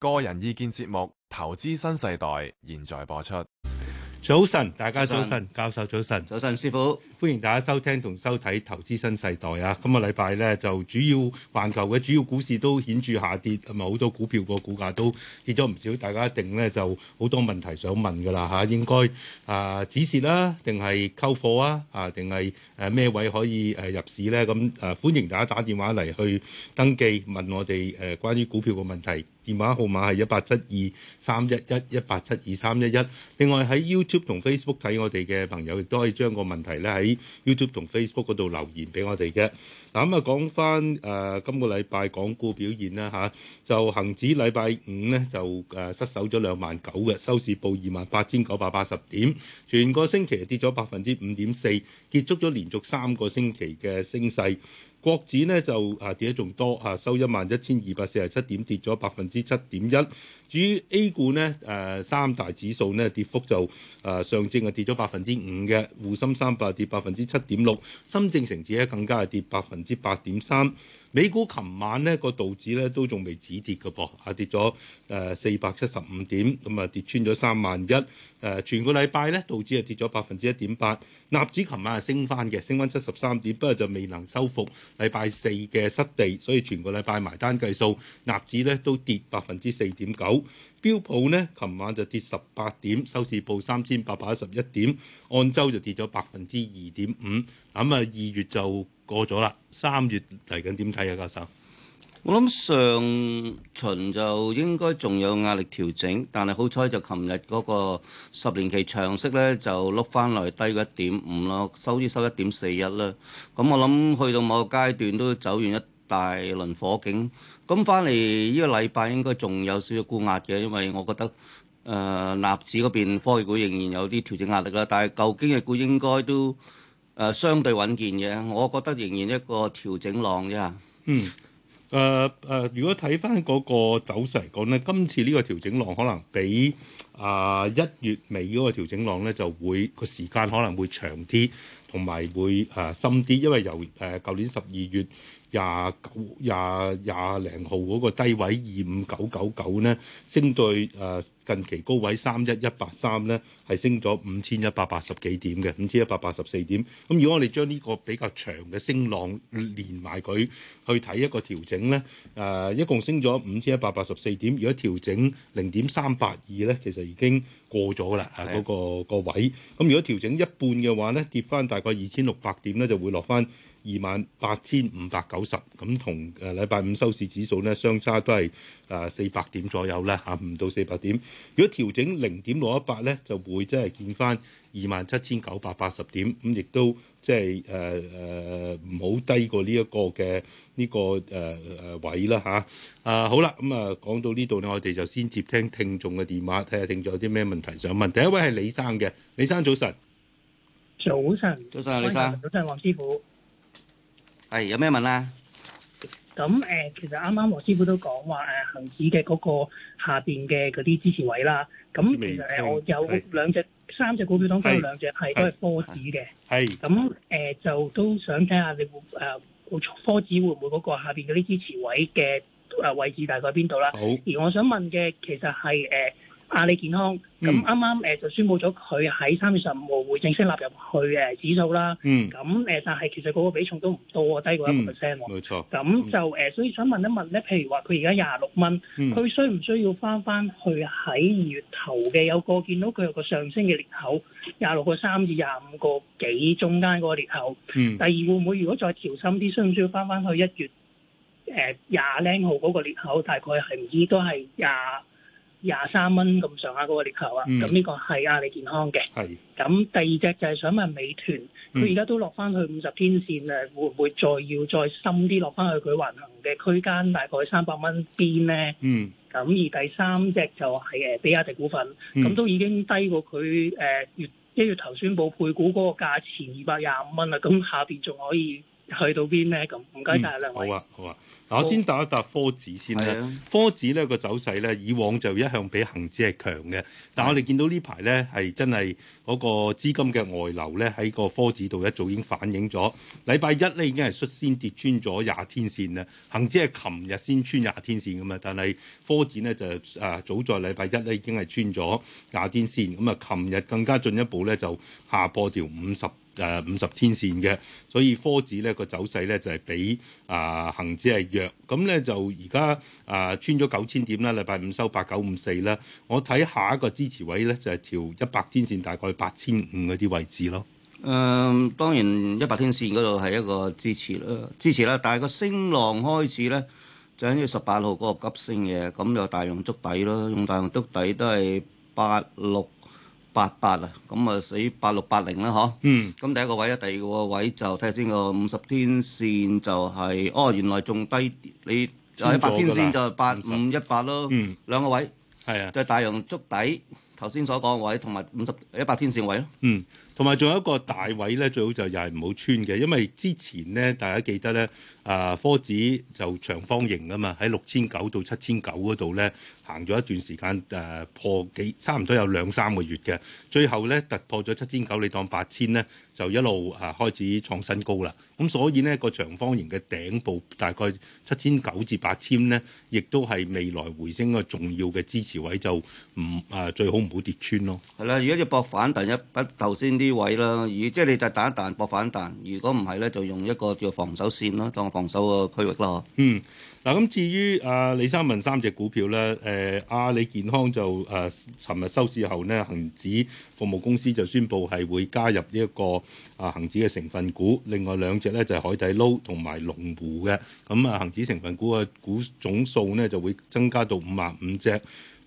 個人意見節目《投資新世代》現在播出。早晨，大家早晨，早晨教授早晨，早晨，師傅，歡迎大家收聽同收睇《投資新世代》啊！今個禮拜呢，就主要環球嘅主要股市都顯著下跌，咁埋好多股票個股價都跌咗唔少。大家一定呢，就好多問題想問噶啦吓，應該、呃、啊止蝕啦，定係溝貨啊，啊定係誒咩位可以誒入市呢？咁誒、呃，歡迎大家打電話嚟去登記，問我哋誒關於股票嘅問題。電話號碼係一八七二三一一一八七二三一一。另外喺 YouTube 同 Facebook 睇我哋嘅朋友亦都可以將個問題咧喺 YouTube 同 Facebook 嗰度留言俾我哋嘅。嗱咁啊，講翻誒今個禮拜港股表現啦嚇、啊，就恆指禮拜五咧就誒、呃、失守咗兩萬九嘅，收市報二萬八千九百八十點，全個星期跌咗百分之五點四，結束咗連續三個星期嘅升勢。國指咧就啊跌得仲多啊，收一萬一千二百四十七點，跌咗百分之七點一。至於 A 股咧，誒、呃、三大指數咧跌幅就誒、呃、上證係跌咗百分之五嘅，滬深三百跌百分之七點六，深證成指咧更加係跌百分之八點三。美股琴晚呢個道指咧都仲未止跌嘅噃，啊跌咗誒、呃、四百七十五點，咁、嗯、啊跌穿咗三萬一。誒、呃、全個禮拜咧道指係跌咗百分之一點八，納指琴晚係升翻嘅，升翻七十三點，不過就未能收復禮拜四嘅失地，所以全個禮拜埋單計數納指咧都跌百分之四點九，標普呢琴晚就跌十八點，收市報三千八百一十一點，按週就跌咗百分之二點五。咁、嗯、啊二月就過咗啦，三月嚟緊點睇啊，教授？我諗上旬就應該仲有壓力調整，但係好彩就琴日嗰個十年期長息咧就碌翻來低咗一點五咯，收於收一點四一啦。咁、嗯、我諗去到某個階段都走完一大輪火警。咁翻嚟呢個禮拜應該仲有少少估壓嘅，因為我覺得誒、呃、納指嗰邊科技股仍然有啲調整壓力啦，但係舊經濟股應該都。誒相對穩健嘅，我覺得仍然一個調整浪啫。嗯，誒、呃、誒、呃，如果睇翻嗰個走勢嚟講呢，今次呢個調整浪可能比啊一、呃、月尾嗰個調整浪咧就會個時間可能會長啲，同埋會誒深啲，因為由誒舊、呃、年十二月。廿九廿廿零號嗰個低位二五九九九呢，升到誒近期高位三一一八三呢，係升咗五千一百八十幾點嘅五千一百八十四點。咁如果我哋將呢個比較長嘅升浪連埋佢去睇一個調整呢？誒，一共升咗五千一百八十四點，如果調整零點三八二咧，其實已經。過咗啦，嗰個、嗰個位。咁如果調整一半嘅話咧，跌翻大概二千六百點咧，就會落翻二萬八千五百九十，咁同禮拜五收市指數咧相差都係啊四百點左右啦，嚇，唔到四百點。如果調整零點六一八咧，就會即係見翻。二萬七千九百八十點，咁亦都即係誒誒，唔好低過呢一個嘅呢個誒誒位啦吓。啊好啦，咁啊講到呢度咧，我哋就先接聽聽眾嘅電話，睇下聽眾有啲咩問題想問。第一位係李生嘅，李生早晨。早晨。早晨啊，李生。早晨，黃師傅。係，有咩問啊？咁誒，其實啱啱黃師傅都講話誒，恆指嘅嗰個下邊嘅嗰啲支持位啦。咁其實我有兩隻。三隻股票當中有兩隻係都係是是科指嘅，咁誒是、呃、就都想睇下你誒、呃、科指會唔會嗰個下邊嗰啲支持位嘅誒位置大概喺邊度啦？好而我想問嘅其實係誒。呃阿里、啊、健康咁啱啱誒就宣布咗佢喺三月十五號會正式納入去誒指數啦。嗯，咁誒但係其實嗰個比重都唔多，低過一個 percent 喎。冇錯。咁、嗯、就誒，嗯、所以想問一問咧，譬如話佢而家廿六蚊，佢、嗯、需唔需要翻翻去喺二月頭嘅有個見到佢有個上升嘅裂口，廿六個三至廿五個幾中間嗰個裂口。嗯、第二會唔會如果再調深啲，需唔需要翻翻去一月誒廿零號嗰個裂口？大概係唔知都係廿。廿三蚊咁上下嗰個裂口啊，咁呢個係阿里健康嘅係是，咁第二隻就係想問美團，佢而家都落翻去五十天線啊，會唔會再要再深啲落翻去佢運行嘅區間，大概三百蚊邊咧？嗯，咁而第三隻就係誒比亞迪股份，咁、嗯、都已經低過佢誒月一月頭宣布配股嗰個價錢二百廿五蚊啦，咁下邊仲可以去到邊咧？咁唔該晒兩位。好啊，好啊。啊、我先答一答科指先啦，科指呢個走勢咧，以往就一向比恒指係強嘅，但係我哋見到呢排咧，係真係嗰個資金嘅外流咧喺個科指度一早已經反映咗。禮拜一咧已經係率先跌穿咗廿天線啦，恒指係琴日先穿廿天線咁啊，但係科指咧就誒早在禮拜一咧已經係穿咗廿天線，咁啊琴日更加進一步咧就下破條五十。誒五十天線嘅，所以科指咧個走勢咧就係比啊恆指係弱，咁咧就而家啊穿咗九千點啦，禮拜五收八九五四啦，我睇下一個支持位咧就係條一百天線大概八千五嗰啲位置咯。誒，當然一百天線嗰度係一個支持啦，支持啦，但係個升浪開始咧，就喺呢十八號嗰個急升嘅，咁又大陽燭底咯，用大陽燭底都係八六八八啊，咁啊死八六八零啦嗬。嗯。咁第一個位啊，第二個位就睇下先個五十天線就係、是、哦，原來仲低你。嗯。就喺一百天線就係八五一八咯。嗯。兩個位。係啊。就係大陽燭底，頭先所講位同埋五十一百天線位咯。嗯。同埋仲有一個大位咧，最好就又係唔好穿嘅，因為之前咧大家記得咧，啊科指就長方形啊嘛，喺六千九到七千九嗰度咧。行咗一段時間，誒、啊、破幾差唔多有兩三個月嘅，最後咧突破咗七千九，你當八千咧，就一路啊開始創新高啦。咁、啊、所以呢，個長方形嘅頂部大概七千九至八千咧，亦都係未來回升嘅重要嘅支持位，就唔啊最好唔好跌穿咯。係啦，如果要搏反彈一筆頭先啲位啦，而即係你就彈一彈搏反彈，如果唔係咧，就用一個叫防守線咯，當防守個區域咯。嗯。嗱，咁至於啊李生問三隻股票咧，誒阿里健康就誒尋、啊、日收市後咧，恆指服務公司就宣布係會加入呢、這、一個啊恆指嘅成分股，另外兩隻咧就係、是、海底撈同埋龍湖嘅，咁啊恆指成分股嘅股總數咧就會增加到五十五隻。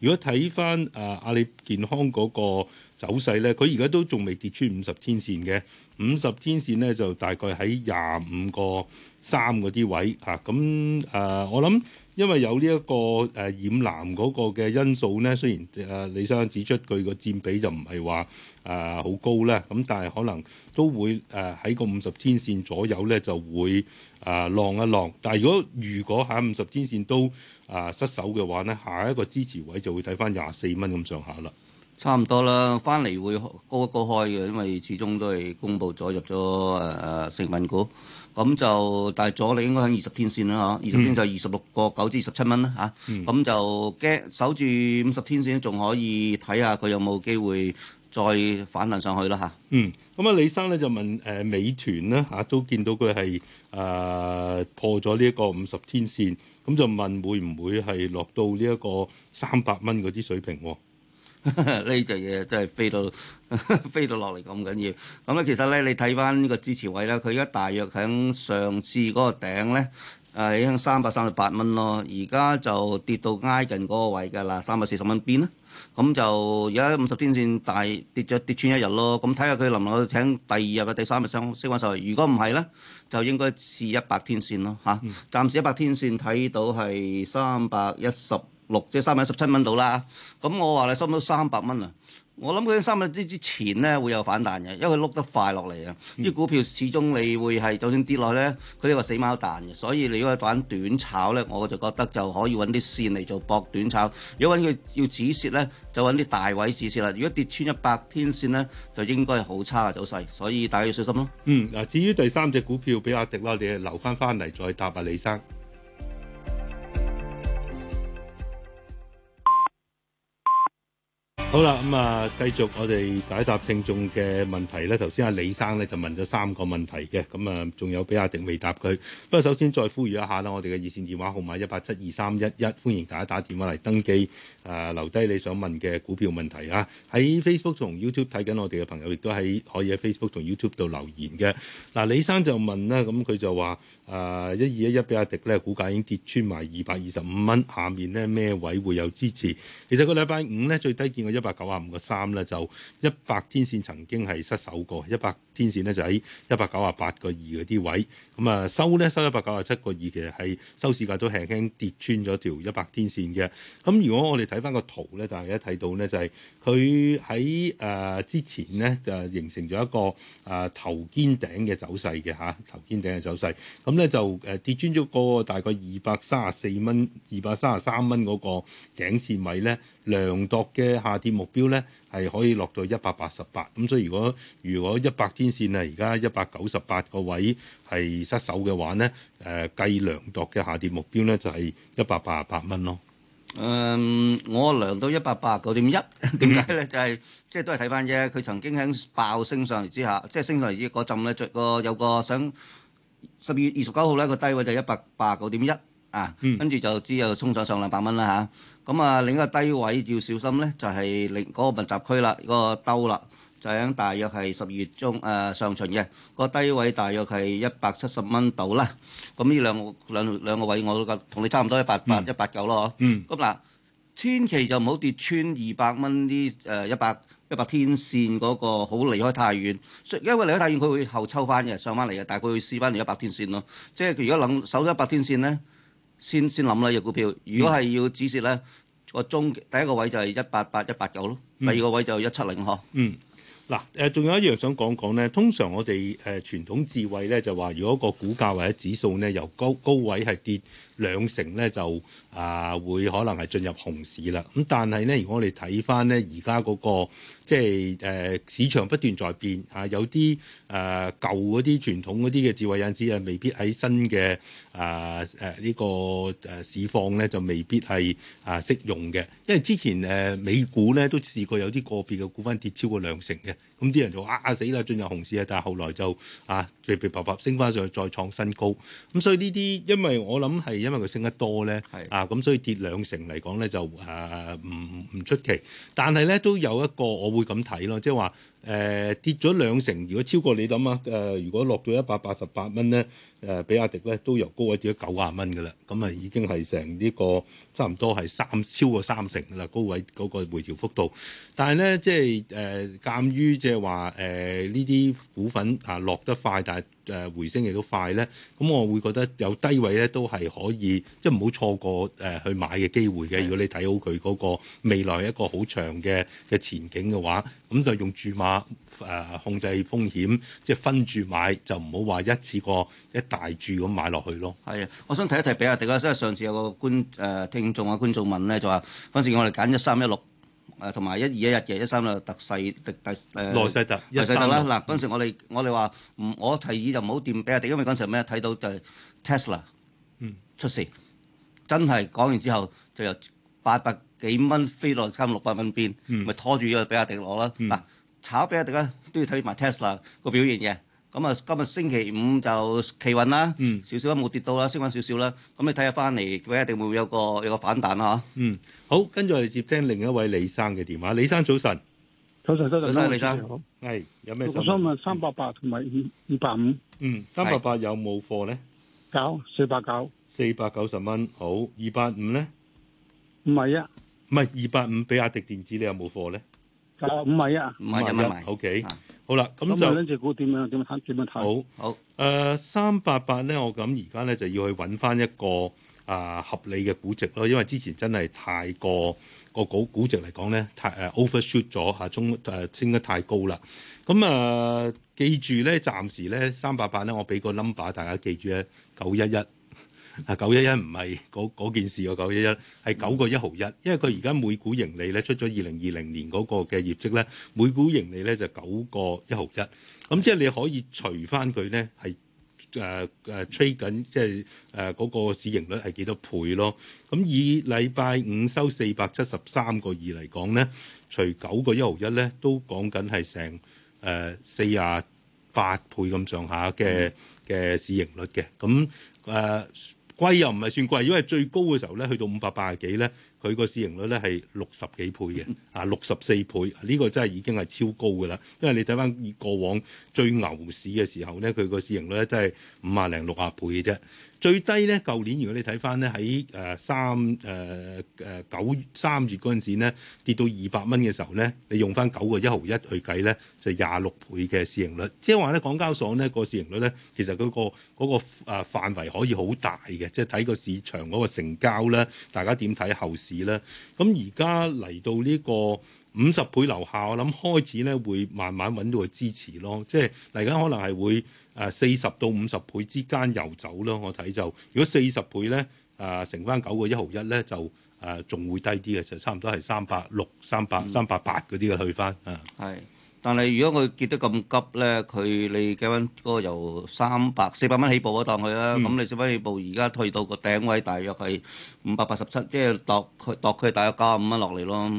如果睇翻啊阿里健康嗰個走勢咧，佢而家都仲未跌穿五十天線嘅，五十天線咧就大概喺廿五個三嗰啲位嚇，咁、啊、誒、呃、我諗。因為有呢一個誒染藍嗰個嘅因素咧，雖然阿李生指出佢個佔比就唔係話誒好高咧，咁但係可能都會誒喺、呃、個五十天線左右咧就會誒、呃、浪一浪。但係如果如果喺五十天線都誒、呃、失守嘅話咧，下一個支持位就會睇翻廿四蚊咁上下啦。差唔多啦，翻嚟會高一高開嘅，因為始終都係公布咗入咗誒誒食品股。咁就大咗，你應該喺二十天線啦嚇。二十天就二十六個九至二十七蚊啦嚇。咁就驚守住五十天線，仲、嗯啊、可以睇下佢有冇機會再反彈上去啦吓、啊嗯，嗯，咁、呃、啊，李生咧就問誒美團咧嚇，都見到佢係誒破咗呢一個五十天線，咁就問會唔會係落到呢一個三百蚊嗰啲水平喎？呢隻嘢真係飛到 飛到落嚟咁緊要，咁咧其實咧你睇翻呢個支持位咧，佢而家大約喺上次嗰個頂咧，誒、呃、已經三百三十八蚊咯，而家就跌到挨近嗰個位㗎啦，三百四十蚊邊啦，咁就而家五十天線大跌咗跌穿一日咯，咁睇下佢能否喺第二日嘅第三日升升翻上嚟。如果唔係咧，就應該試一百天線咯嚇，啊嗯、暫時一百天線睇到係三百一十。六即三百一十七蚊到啦，咁我話你收唔到三百蚊啊！我諗佢喺三百蚊之之前咧會有反彈嘅，因為佢碌得快落嚟啊！啲、嗯、股票始終你會係，就算跌落去咧，佢呢個死貓彈嘅，所以你如果你玩短炒咧，我就覺得就可以揾啲線嚟做搏短炒。如果揾佢要止蝕咧，就揾啲大位止蝕啦。如果跌穿一百天線咧，就應該係好差嘅走勢，所以大家要小心咯。嗯，嗱，至於第三隻股票俾阿迪啦，你留翻翻嚟再答啊，李生。好啦，咁、嗯、啊，繼續我哋解答聽眾嘅問題咧。頭先阿李生咧就問咗三個問題嘅，咁、嗯、啊，仲有俾阿迪未答佢。不過首先再呼籲一下啦，我哋嘅熱線電話號碼一八七二三一一，11，歡迎大家打電話嚟登記，誒、呃、留低你想問嘅股票問題啊。喺 Facebook 同 YouTube 睇緊我哋嘅朋友，亦都喺可以喺 Facebook 同 YouTube 度留言嘅。嗱、啊，李生就問啦，咁、嗯、佢就話。誒一二一一比亞迪咧，股價已經跌穿埋二百二十五蚊，下面咧咩位會有支持？其實個禮拜五咧最低見過一百九啊五個三咧，就一百天線曾經係失守過。一百天線咧就喺一百九啊八個二嗰啲位，咁、嗯、啊收咧收一百九啊七個二其實嘅，係收市價都輕輕跌穿咗條一百天線嘅。咁如果我哋睇翻個圖咧，就係一睇到咧就係佢喺誒之前咧就形成咗一個誒頭肩頂嘅走勢嘅嚇，頭肩頂嘅走勢咁。啊咁咧、嗯、就誒跌穿咗個大概二百三十四蚊、二百三十三蚊嗰個頸線位咧，量度嘅下跌目標咧係可以落到一百八十八。咁、嗯、所以如果如果一百天線啊，而家一百九十八個位係失守嘅話咧，誒、呃、計量度嘅下跌目標咧就係一百八十八蚊咯。誒、嗯，我量到一百八十九點一，點解咧？就係即係都係睇翻啫。佢曾經喺爆升上嚟之下，即、就、係、是、升上嚟之後嗰陣咧，著個有個想。十二月二十九號咧個低位就一百八九點一啊，跟住、嗯、就只有衝咗上兩百蚊啦嚇。咁啊另一個低位要小心咧，就係另嗰個密集區啦，嗰個兜啦，就喺大約係十二月中誒、呃、上旬嘅個低位，大約係一百七十蚊到啦。咁呢兩兩兩個位我都同你差唔多一，嗯、一百八一百九咯嗬。咁嗱、嗯啊，千祈就唔好跌穿二百蚊呢誒一百。呃 100, 一百天線嗰、那個好離開太遠，因為離開太遠佢會後抽翻嘅，上翻嚟嘅，大概佢會試翻一百天線咯。即係如果諗守咗一百天線咧，先先諗啦隻股票。如果係要止蝕咧，個中、嗯、第一個位就係一八八一八九咯，第二個位就一七零呵。嗯，嗱誒哈，仲、嗯、有一樣想講講咧，通常我哋誒傳統智慧咧就話，如果個股價或者指數咧由高高位係跌。兩成咧就啊會可能係進入熊市啦。咁但係咧，如果我哋睇返咧，而家嗰個即係誒、呃、市場不斷在變啊，有啲誒舊嗰啲傳統嗰啲嘅智慧人士啊，未必喺新嘅啊誒、這個、呢個誒市況咧就未必係啊適用嘅。因為之前誒美股咧都試過有啲個別嘅股份跌超過兩成嘅。咁啲人就哇、啊、死啦進入熊市啊！但係後來就啊，噼噼啪啪升翻上去，再創新高。咁所以呢啲，因為我諗係因為佢升得多咧，的啊咁所以跌兩成嚟講咧就誒唔唔出奇。但係咧都有一個我會咁睇咯，即係話。誒、呃、跌咗兩成，如果超過你諗啊，誒、呃、如果落到一百八十八蚊咧，誒、呃、比亞迪咧都由高位跌咗九十蚊嘅啦，咁啊已經係成呢個差唔多係三超過三成嘅啦，高位嗰個回調幅度，但係咧即係誒，鑒於即係話誒呢啲股份啊落得快，但係。誒回升亦都快咧，咁我會覺得有低位咧都係可以，即係唔好錯過誒去買嘅機會嘅。係。如果你睇好佢嗰個未來一個好長嘅嘅前景嘅話，咁就用注碼誒、呃、控制風險，即、就、係、是、分注買就唔好話一次過一大注咁買落去咯。係啊，我想睇一睇俾阿迪啦，即係上次有個觀誒、呃、聽眾啊，觀眾問咧就話，嗰陣時我哋揀一三一六。誒同埋一二一日嘅一三就、啊、特勢特誒內勢特內勢特啦嗱，嗰陣時我哋、嗯、我哋話唔，我提議就唔好掂比亞迪，因為嗰陣時咩睇到就係 Tesla 出事，嗯、真係講完之後就由八百幾蚊飛落差唔多六百蚊邊，咪、嗯、拖住依個比亞迪攞啦。嗱炒比亞迪咧都要睇埋 Tesla 個表現嘅。咁啊，今日星期五就企穩啦，少少都冇跌到啦，升翻少少啦。咁你睇下翻嚟，佢一定會有個有個反彈啦嚇。嗯，好，跟住我哋接聽另一位李生嘅電話。李生早晨，早晨早晨，李生你好，係有咩？我想問三百八同埋二百五。嗯，三百八有冇貨咧？有四百九。四百九十蚊，好。二百五咧？五十一。唔係呀，唔係二百五，比亞迪電子你有冇貨咧？有五十一啊。五十一，O K。好啦，咁就咁咪拎隻股點樣點樣睇？點樣睇？好，好、呃，誒三八八咧，我諗而家咧就要去揾翻一個啊、呃、合理嘅估值咯，因為之前真係太過個股估值嚟講咧，太誒 overshoot 咗下，中、uh, 誒、啊、升得太高啦。咁、嗯、啊、呃，記住咧，暫時咧三八八咧，我俾個 number 大家記住咧，九一一。啊，九一一唔係嗰件事，個九一一係九個一毫一，11, 11, 因為佢而家每股盈利咧，出咗二零二零年嗰個嘅業績咧，每股盈利咧就九個一毫一，咁即係你可以除翻佢咧，係誒誒 trading 即係誒嗰個市盈率係幾多倍咯？咁、嗯、以禮拜五收四百七十三個二嚟講咧，除九個一毫一咧，都講緊係成誒四十八倍咁上下嘅嘅市盈率嘅，咁、嗯、誒。貴又唔係算貴，因為最高嘅時候咧，去到五百八十幾咧。佢個市盈率咧係六十幾倍嘅，啊六十四倍，呢個真係已經係超高嘅啦。因為你睇翻過往最牛市嘅時候咧，佢個市盈率咧真係五廿零六廿倍嘅啫。最低咧，舊年如果你睇翻咧喺誒三誒誒九三月嗰陣時咧，跌到二百蚊嘅時候咧，你用翻九個一毫一去計咧，就廿六倍嘅市盈率。即係話咧，港交所咧個市盈率咧，其實嗰個嗰個啊範圍可以好大嘅，即係睇個市場嗰個成交咧，大家點睇後市？啦，咁而家嚟到呢個五十倍樓下，我諗開始咧會慢慢揾到個支持咯。即係嚟緊可能係會誒四十到五十倍之間遊走咯。我睇就如果四十倍咧誒、呃、乘翻九個一毫一咧就誒仲、呃、會低啲嘅，就差唔多係三百六、三百、三百八嗰啲嘅去翻啊。係。但係如果佢跌得咁急咧，佢你計翻嗰個由三百四百蚊起步嗰檔去啦，咁、嗯、你四百蚊起步，而家退到個頂位大約係五百八十七，即係度佢度佢大約加五蚊落嚟咯。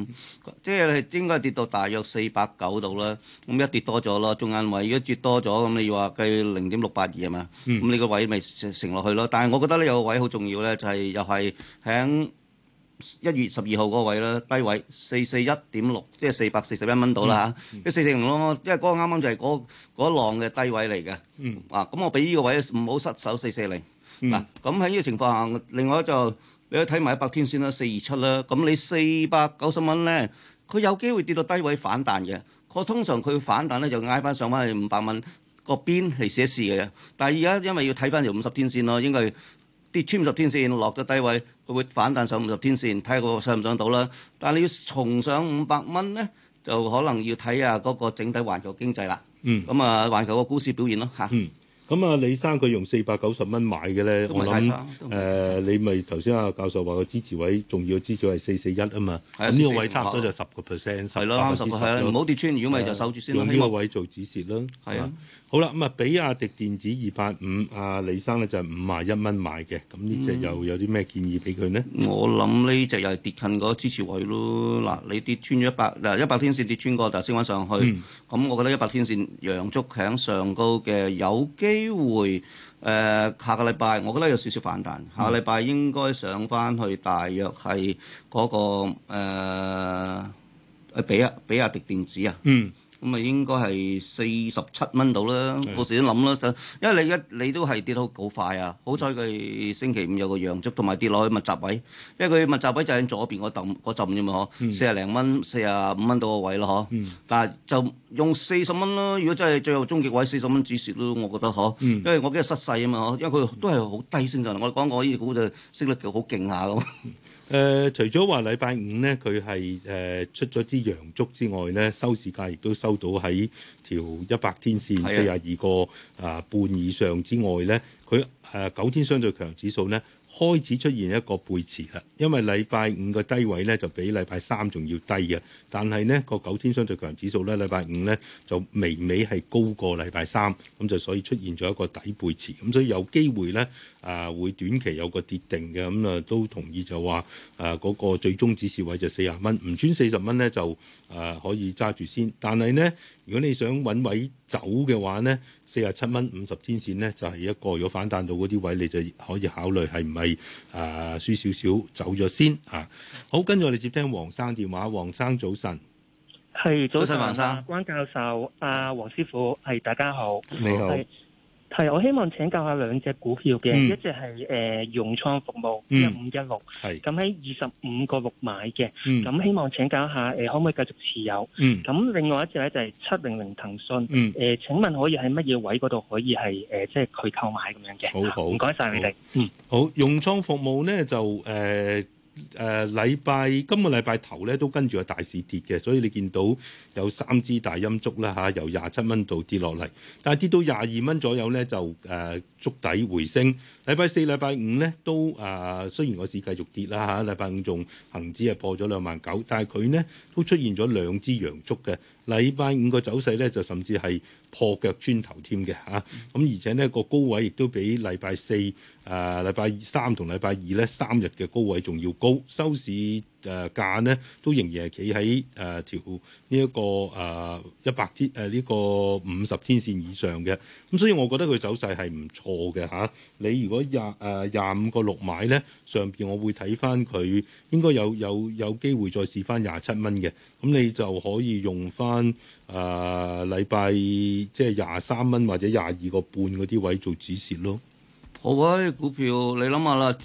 即係應該跌到大約四百九度啦。咁一跌多咗咯，中間位，如果跌多咗，咁你話計零點六八二啊嘛。咁你、嗯、個位咪乘落去咯。但係我覺得呢有個位好重要咧，就係、是、又係喺。一月十二號嗰位啦，低位四四一點六，即係四百四十一蚊到啦嚇，一四四零咯，40, 因為嗰個啱啱就係嗰、嗰個、浪嘅低位嚟嘅。嗯。啊，咁我俾呢個位唔好失手四四零。嗱、嗯，咁喺呢個情況下，另外就你都睇埋一百天線啦，四二七啦，咁你四百九十蚊咧，佢有機會跌到低位反彈嘅。我通常佢反彈咧就挨翻上翻去五百蚊個邊嚟寫字嘅。但係而家因為要睇翻條五十天線咯，應該。跌穿五十天線落咗低位，佢會反彈上五十天線，睇下佢上唔上到啦。但係你要重上五百蚊咧，就可能要睇下嗰個整體環球經濟啦。嗯，咁啊，環球個股市表現咯嚇。嗯，咁啊，李生佢用四百九十蚊買嘅咧，我諗誒，你咪頭先阿教授話個支持位仲要支持係四四一啊嘛。係啊，呢個位差唔多就十個 percent，十百分之十。係咯，係啊，唔好跌穿，如果咪就守住先咯，希望位做指示啦。係啊。好啦，咁啊，比亞迪電子二八五，阿李生咧就五十一蚊買嘅，咁呢隻又有啲咩建議俾佢呢？嗯、我諗呢隻又係跌近個支持位咯。嗱，你跌穿咗一百，嗱一百天線跌穿過頭先。翻上去。咁、嗯、我覺得一百天線陽足向上高嘅，有機會誒、呃、下個禮拜，我覺得有少少反彈。下個禮拜應該上翻去，大約係嗰、那個誒比亞比亞迪電子啊。嗯咁啊，應該係四十七蚊到啦，個時都諗啦，想，因為你一你都係跌到好快啊，好彩佢星期五有個陽燭，同埋跌落去密集位，因為佢密集位就喺左邊嗰陣啫嘛，嗬，四廿零蚊、四廿五蚊到個位咯，嗬、嗯，但係就用四十蚊啦，如果真係最後終極位四十蚊止蝕咯，我覺得嗬，因為我驚日失勢啊嘛，因為佢都係好低先進，我哋講過呢隻股就升得好勁下咁。誒、呃，除咗話禮拜五咧，佢係誒出咗支陽燭之外咧，收市價亦都收到喺條一百天線四廿二個啊半以上之外咧，佢誒的、呃、九天相對強指數咧。開始出現一個背馳啦，因為禮拜五個低位咧就比禮拜三仲要低嘅，但係呢個九天相對強指數咧，禮拜五咧就微微係高過禮拜三，咁就所以出現咗一個底背馳，咁所以有機會咧啊會短期有個跌定嘅，咁啊都同意就話啊嗰、嗰個最終指示位就四十蚊，唔穿四十蚊咧就啊可以揸住先，但係呢，如果你想揾位走嘅話呢。四十七蚊五十天線呢，就係、是、一個。如果反彈到嗰啲位，你就可以考慮係唔係啊，輸少少走咗先啊。好，跟住我哋接聽黃生電話。黃生早晨，係早晨，黃晨生關教授啊，黃師傅，係大家好，你好。係，我希望請教下兩隻股票嘅，嗯、一隻係誒融創服務一五一六，係咁喺二十五個六買嘅，咁、嗯、希望請教一下誒、呃、可唔可以繼續持有？咁、嗯、另外一隻咧就係七零零騰訊，誒、嗯呃、請問可以喺乜嘢位嗰度可以係誒、呃、即係佢購買咁樣嘅？好關好，唔該晒你哋們。嗯，好融創服務咧就誒。呃誒、呃、禮拜今個禮拜頭咧都跟住個大市跌嘅，所以你見到有三支大陰燭啦嚇，由廿七蚊度跌落嚟，但係跌到廿二蚊左右咧就誒築、啊、底回升。禮拜四、禮拜五咧都誒、啊，雖然個市繼續跌啦嚇、啊，禮拜五仲恒指係破咗兩萬九，但係佢咧都出現咗兩支陽燭嘅。禮拜五個走勢咧就甚至係破腳穿頭添嘅嚇，咁、啊、而且咧個高位亦都比禮拜四、誒禮拜三同禮拜二咧三日嘅高位仲要高，收市。誒價咧都仍然係企喺誒條呢一個誒一百天誒呢、呃這個五十天線以上嘅咁、嗯，所以我覺得佢走勢係唔錯嘅嚇。你如果廿誒廿五個六買咧，上邊我會睇翻佢應該有有有機會再試翻廿七蚊嘅。咁、嗯、你就可以用翻誒禮拜即係廿三蚊或者廿二個半嗰啲位做止蝕咯。好啊，股票你諗下啦，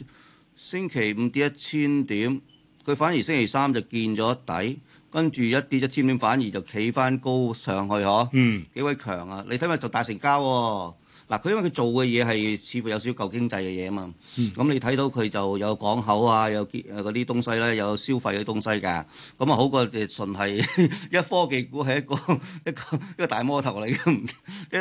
星期五跌一千點。佢反而星期三就見咗底，跟住一跌一千點反而就企翻高上去嗬，嗯，幾鬼強啊！你睇下就大成交喎、啊。嗱，佢因為佢做嘅嘢係似乎有少少舊經濟嘅嘢啊嘛，咁、嗯、你睇到佢就有港口啊，有結誒啲東西咧、啊，有消費嘅東西㗎、啊，咁啊好過誒純係 一科技股係一個一個一個大魔頭嚟嘅，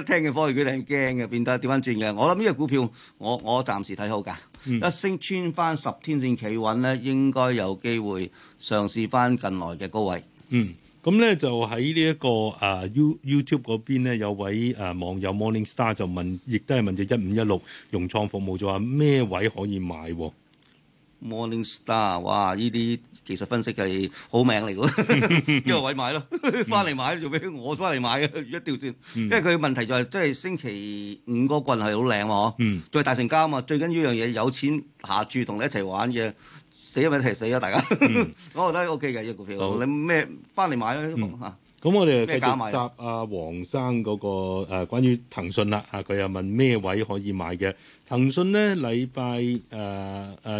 一聽嘅科技股咧驚嘅，變得點樣轉嘅。我諗呢個股票我，我我暫時睇好㗎，嗯、一升穿翻十天線企穩咧，應該有機會嘗試翻近來嘅高位。嗯。咁咧就喺、這個 uh, 呢一個啊 You YouTube 嗰邊咧有位啊、uh, 網友 Morning Star 就問，亦都係問隻一五一六融創服務就話咩位可以買？Morning Star，哇！呢啲技術分析係好名嚟嘅，呢 個位買咯？翻 嚟買就俾、嗯、我翻嚟買啊！一條線，嗯、因為佢問題就係、是、即係星期五嗰個棍係好靚喎，嗯，再大成交啊嘛，最緊要樣嘢有錢下注同你一齊玩嘅。因為死一咪一齊死啊！大家，嗯、 我覺得 O K 嘅一個票，的你咩翻嚟買咧咁、嗯啊、我哋繼續答黃生嗰、那個誒、呃，關於騰訊啦。啊，佢又問咩位可以買嘅騰訊呢？禮拜誒誒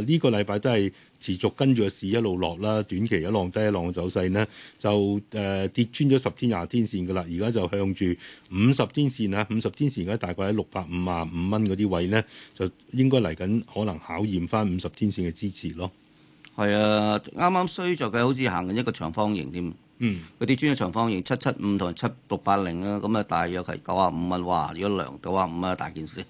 呢個禮拜都係持續跟住個市一路落啦。短期一浪低一浪嘅走勢呢，就誒、呃、跌穿咗十天廿天線嘅啦。而家就向住五十天線啊，五十天線而家大概喺六百五啊五蚊嗰啲位呢，就應該嚟緊可能考驗翻五十天線嘅支持咯。係啊，啱啱衰咗嘅，好似行緊一個長方形添，嗰啲磚嘅長方形七七五同七六八零啦，咁啊大約係九啊五，蚊。嘩，如果量九啊五蚊大件事，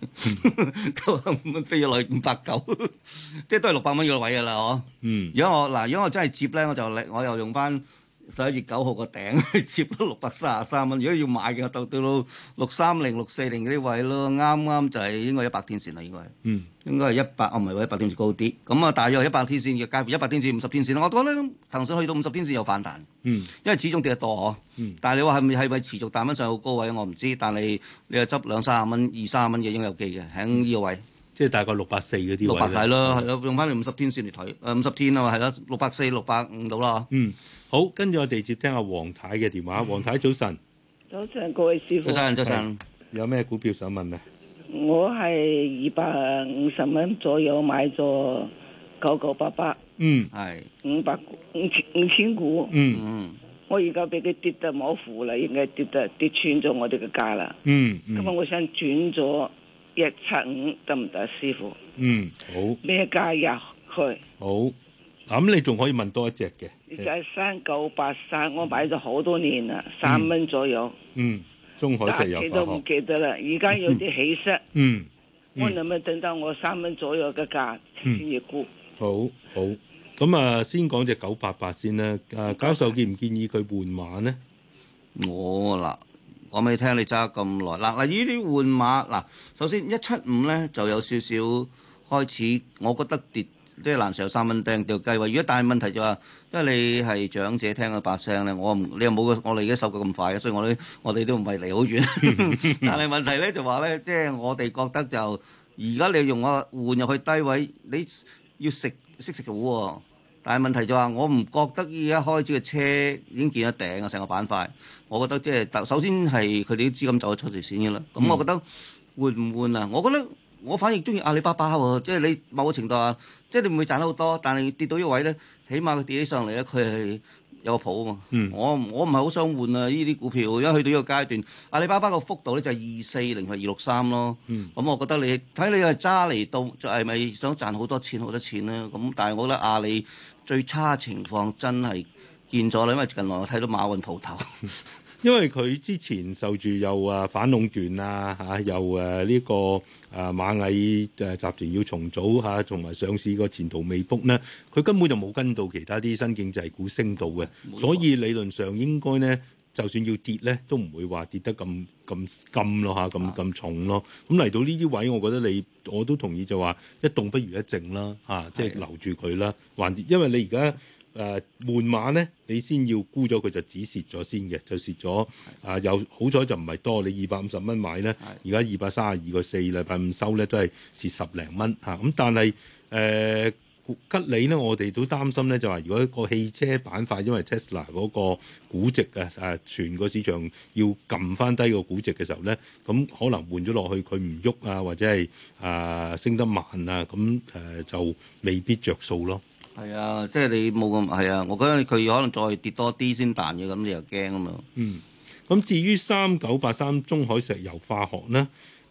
九啊五蚊飛咗落五百九，9, 即係都係六百蚊嘅位噶啦哦。嗯、如果我嗱，如果我真係接咧，我就我又用翻。十一月九號個頂去接到六百三十三蚊，如果要買嘅，到到六三零、六四零嗰啲位咯，啱啱就係應該一百天線啦，應該係。嗯，應該係一百，唔係話一百天線高啲。咁啊，大約一百天線嘅介乎一百天線五十天線。我覺得騰訊去到五十天線又反彈。嗯。因為始終跌得多嗬。嗯。但係你話係咪係咪持續彈翻上好高位咧？我唔知。但係你又執兩三十蚊、二三十蚊嘅應有機嘅喺呢個位。即係大概六百四嗰啲位。六百係咯，用翻佢五十天線嚟睇，誒五十天啊嘛係啦，六百四、六百五到啦。嗯。好，跟住我哋接聽下黃太嘅電話。黃太早晨，早晨，各位師傅，早晨，早晨、嗯，有咩股票想問啊？我係二百五十蚊左右買咗九九八八，嗯，係五百股，五千五千股，嗯嗯，我而家俾佢跌得冇符啦，應該跌得跌穿咗我哋嘅價啦，嗯，咁啊，我想轉咗一七五得唔得，師傅？嗯，好，咩價入去？好。咁、嗯、你仲可以問多一隻嘅，就係三九八三，我買咗好多年啦，三蚊左右。嗯，中海石油。但都唔記得啦，而家有啲起色。嗯，嗯我係咪等到我三蚊左右嘅價先至沽？好好，咁啊，先講隻九八八先啦。啊，教授建唔建議佢換馬呢？我啦，我未聽你揸咁耐。嗱嗱，呢啲換馬嗱，首先一七五咧就有少少開始，我覺得跌。即係難受三蚊釘掉雞位。如果但係問題就話，因為你係長者聽嗰把聲咧，我唔你又冇我哋而家收腳咁快嘅，所以我哋我哋都唔係離好遠。 但係問題咧就話咧，即係我哋覺得就而家你用我換入去低位，你要食識食苦喎。但係問題就話，我唔覺得而家開始嘅車已經見咗頂啊！成個板塊，我覺得即係首先係佢哋啲資金走咗出條線嘅啦。咁我覺得換唔換啊？嗯、我覺得。我反而中意阿里巴巴喎，即係你某個程度啊，即係你唔會賺得好多，但係跌到呢位咧，起碼佢跌起上嚟咧，佢係有個譜啊嘛。我我唔係好想換啊呢啲股票，而家去到呢個階段，阿里巴巴個幅度咧就係二四零或二六三咯。咁、嗯嗯嗯、我覺得你睇你係揸嚟到就係咪想賺好多錢好多錢咧？咁、嗯、但係我覺得阿里最差情況真係見咗啦，因為近來我睇到馬雲鋪頭。 因為佢之前受住又啊反壟斷啊嚇，又誒呢個啊螞蟻誒集團要重組嚇，同埋上市個前途未卜咧，佢根本就冇跟到其他啲新經濟股升到嘅，所以理論上應該咧，就算要跌咧，都唔會話跌得咁咁禁咯嚇，咁咁重咯。咁嚟到呢啲位，我覺得你我都同意就話一動不如一靜啦嚇，即係留住佢啦，還因為你而家。誒換碼咧，你先要沽咗佢就止蝕咗先嘅，就蝕咗、呃的。啊，又好彩就唔係多，你二百五十蚊買咧，而家二百三十二個四禮拜五收咧都係蝕十零蚊嚇。咁但係誒吉利咧，我哋都擔心咧，就話如果一個汽車板塊因為 Tesla 嗰個估值啊啊，全個市場要撳翻低個估值嘅時候咧，咁、啊、可能換咗落去佢唔喐啊，或者係啊升得慢啊，咁、啊、誒、啊、就未必着數咯。係啊，即係你冇咁係啊。我覺得佢可能再跌多啲先彈嘅，咁你又驚啊嘛。嗯，咁至於三九八三中海石油化學咧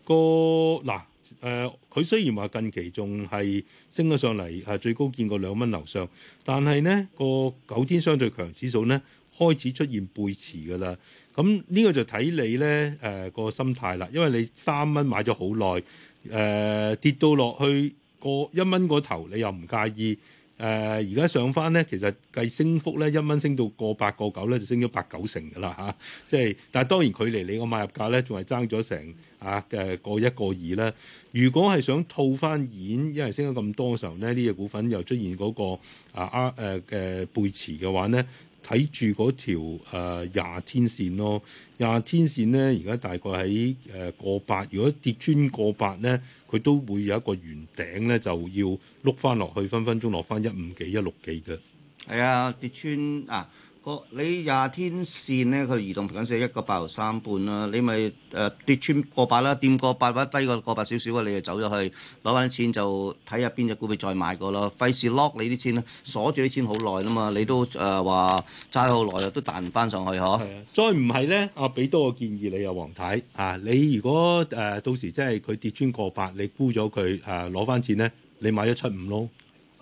個嗱誒，佢、呃呃、雖然話近期仲係升咗上嚟，係最高見過兩蚊樓上，但係咧個九天相對強指數咧開始出現背馳㗎啦。咁呢個就睇你咧誒、呃、個心態啦，因為你三蚊買咗好耐誒，跌到落去個一蚊個頭，你又唔介意。誒而家上翻咧，其實計升幅咧一蚊升到個八個九咧，就升咗八九成㗎啦嚇！即、啊、係，但係當然距離你個買入價咧，仲係爭咗成啊嘅個一個二啦。如果係想套翻現，因為升咗咁多嘅時候咧，呢、這、隻、個、股份又出現嗰、那個啊啊誒誒、啊啊、背馳嘅話咧。睇住嗰條廿天線咯，廿天線咧而家大概喺誒、呃、過百，如果跌穿過百咧，佢都會有一個圓頂咧，就要碌翻落去，分分鐘落翻一五幾一六幾嘅。係啊，跌穿啊！你廿天線咧，佢移動平均線一個八六三半啦，你咪誒跌穿個百啦，掂過百低過個百少少啊，你誒、呃、走咗去攞翻錢就睇下邊隻股票再買過啦，費事 lock 你啲錢啦，鎖住啲錢好耐啦嘛，你都誒話齋好耐啊，都彈唔翻上去嗬？係啊，啊，再唔係咧，我俾多個建議你啊，黃太啊，你如果誒、啊、到時即係佢跌穿個百，你沽咗佢誒攞翻錢咧，你買一七五咯。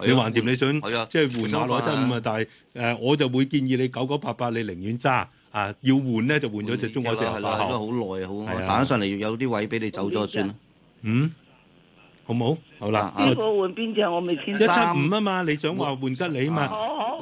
你橫掂你想即係換下攞七五啊？但係誒，我就會建議你九九八八，你寧願揸啊！要換咧就換咗隻中海石油係啦，係啦，好耐啊，好打上嚟要有啲位俾你走咗先啦。嗯，好唔好？好啦，呢個換邊隻我未簽。一七五啊嘛，你想話換吉利嘛？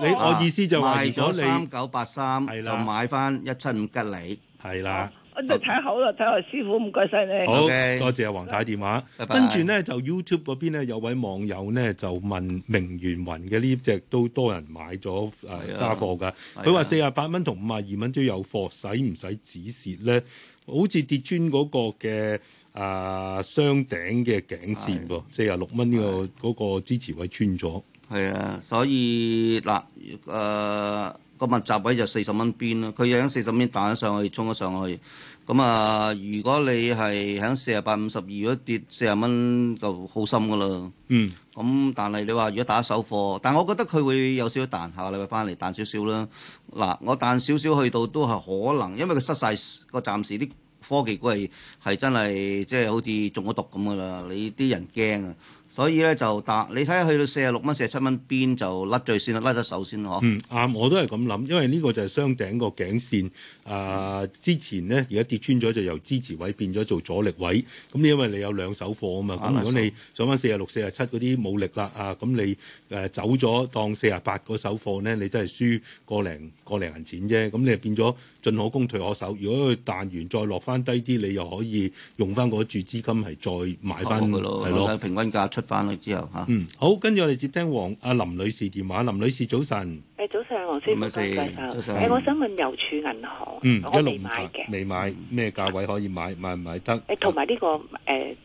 你我意思就話賣咗三九八三，就買翻一七五吉利。係啦。我就睇好啦，睇好師傅，唔該晒你。Okay, 好，多謝阿黃太電話。跟住咧就 YouTube 嗰邊咧有位網友咧就問明源雲嘅呢隻都多人買咗誒揸貨㗎。佢話四十八蚊同五十二蚊都有貨，使唔使止蝕咧？好似跌穿嗰個嘅誒、呃、雙頂嘅頸線喎，四十六蚊呢個嗰、啊、支持位穿咗。係啊，所以嗱誒。呃呃呃呃個密集位就四十蚊邊咯，佢喺四十蚊彈咗上去，衝咗上去。咁啊，如果你係喺四啊八五十二，如果跌四啊蚊就好深噶啦。嗯。咁但係你話如果打手貨，但係我覺得佢會有少少彈，下禮拜翻嚟彈少少啦。嗱，我彈少少去到都係可能，因為佢失晒個暫時啲科技股係係真係即係好似中咗毒咁噶啦，你啲人驚啊！所以咧就達你睇下去到四啊六蚊、四啊七蚊邊就甩最先，啦，甩咗手先咯。嗯，啱，我都係咁諗，因為呢個就係雙頂個頸線。啊、呃，之前咧而家跌穿咗，就由支持位變咗做阻力位。咁你因為你有兩手貨啊嘛，咁、啊、如果你上翻四啊六、四啊七嗰啲冇力啦啊，咁你誒、呃、走咗當四啊八嗰手貨咧，你都係輸個零個零銀錢啫。咁你就變咗進可攻退可守。如果佢彈完再落翻低啲，你又可以用翻嗰注資金係再買翻，係咯、啊，平均價出。翻嚟之後吓，嗯好，跟住我哋接聽王阿林女士電話。林女士早晨。誒早上黃先生，事早上，誒、哎、我想問郵儲銀行，嗯、我未買嘅，未買咩價位可以買，買唔買得？誒同埋呢個誒、呃，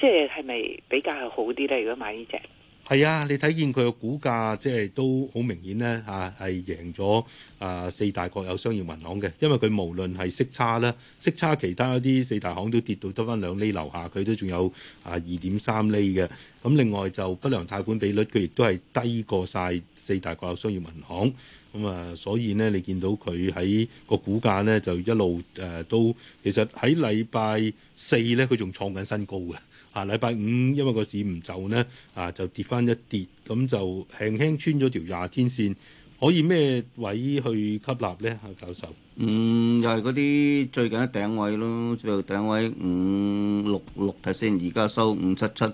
即係係咪比較係好啲咧？如果買呢隻？係啊，你睇見佢個股價即係都好明顯咧嚇，係贏咗啊四大國有商業銀行嘅，因為佢無論係息差啦，息差其他一啲四大行都跌到得翻兩厘樓下，佢都仲有啊二點三厘嘅。咁另外就不良貸款比率佢亦都係低過晒四大國有商業銀行。咁啊，所以呢，你見到佢喺個股價呢，就一路誒、呃、都，其實喺禮拜四呢，佢仲創緊新高嘅。啊！禮拜五因為個市唔走咧，啊就跌翻一跌，咁就輕輕穿咗條廿天線，可以咩位去吸納咧？阿教授，嗯，又係嗰啲最近嘅頂位咯，最後頂位五六六睇先，而家收五七七，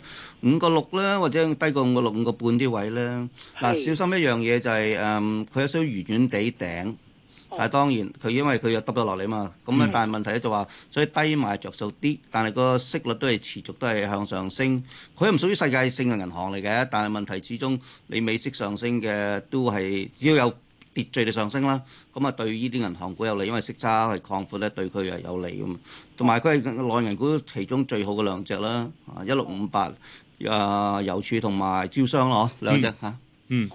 五個六啦，或者低過五個六、五個半啲位咧。嗱、啊，小心一樣嘢就係、是、誒，佢、嗯、有少少圓圓地頂。但係當然，佢因為佢又耷咗落嚟嘛，咁咧，但係問題咧就話，所以低賣着數啲，但係個息率都係持續都係向上升。佢唔屬於世界性嘅銀行嚟嘅，但係問題始終你美息上升嘅都係只要有秩序嘅上升啦，咁啊對呢啲銀行股有利，因為息差係擴闊咧，對佢係有利噶嘛。同埋佢係內銀股其中最好嘅兩隻啦，啊一六五八啊郵儲同埋招商咯，兩隻嚇。嗯。嗯。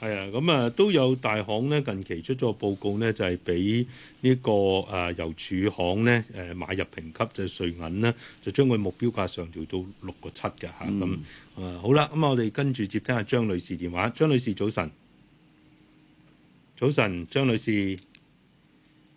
係啊，咁啊都有大行咧近期出咗個報告咧，就係俾呢個誒油儲行咧誒買入評級，即係瑞銀啦，就將佢目標價上調到六個七嘅嚇。咁啊好啦，咁、嗯、啊我哋跟住接聽下張女士電話。張女士早晨，早晨張女士，誒、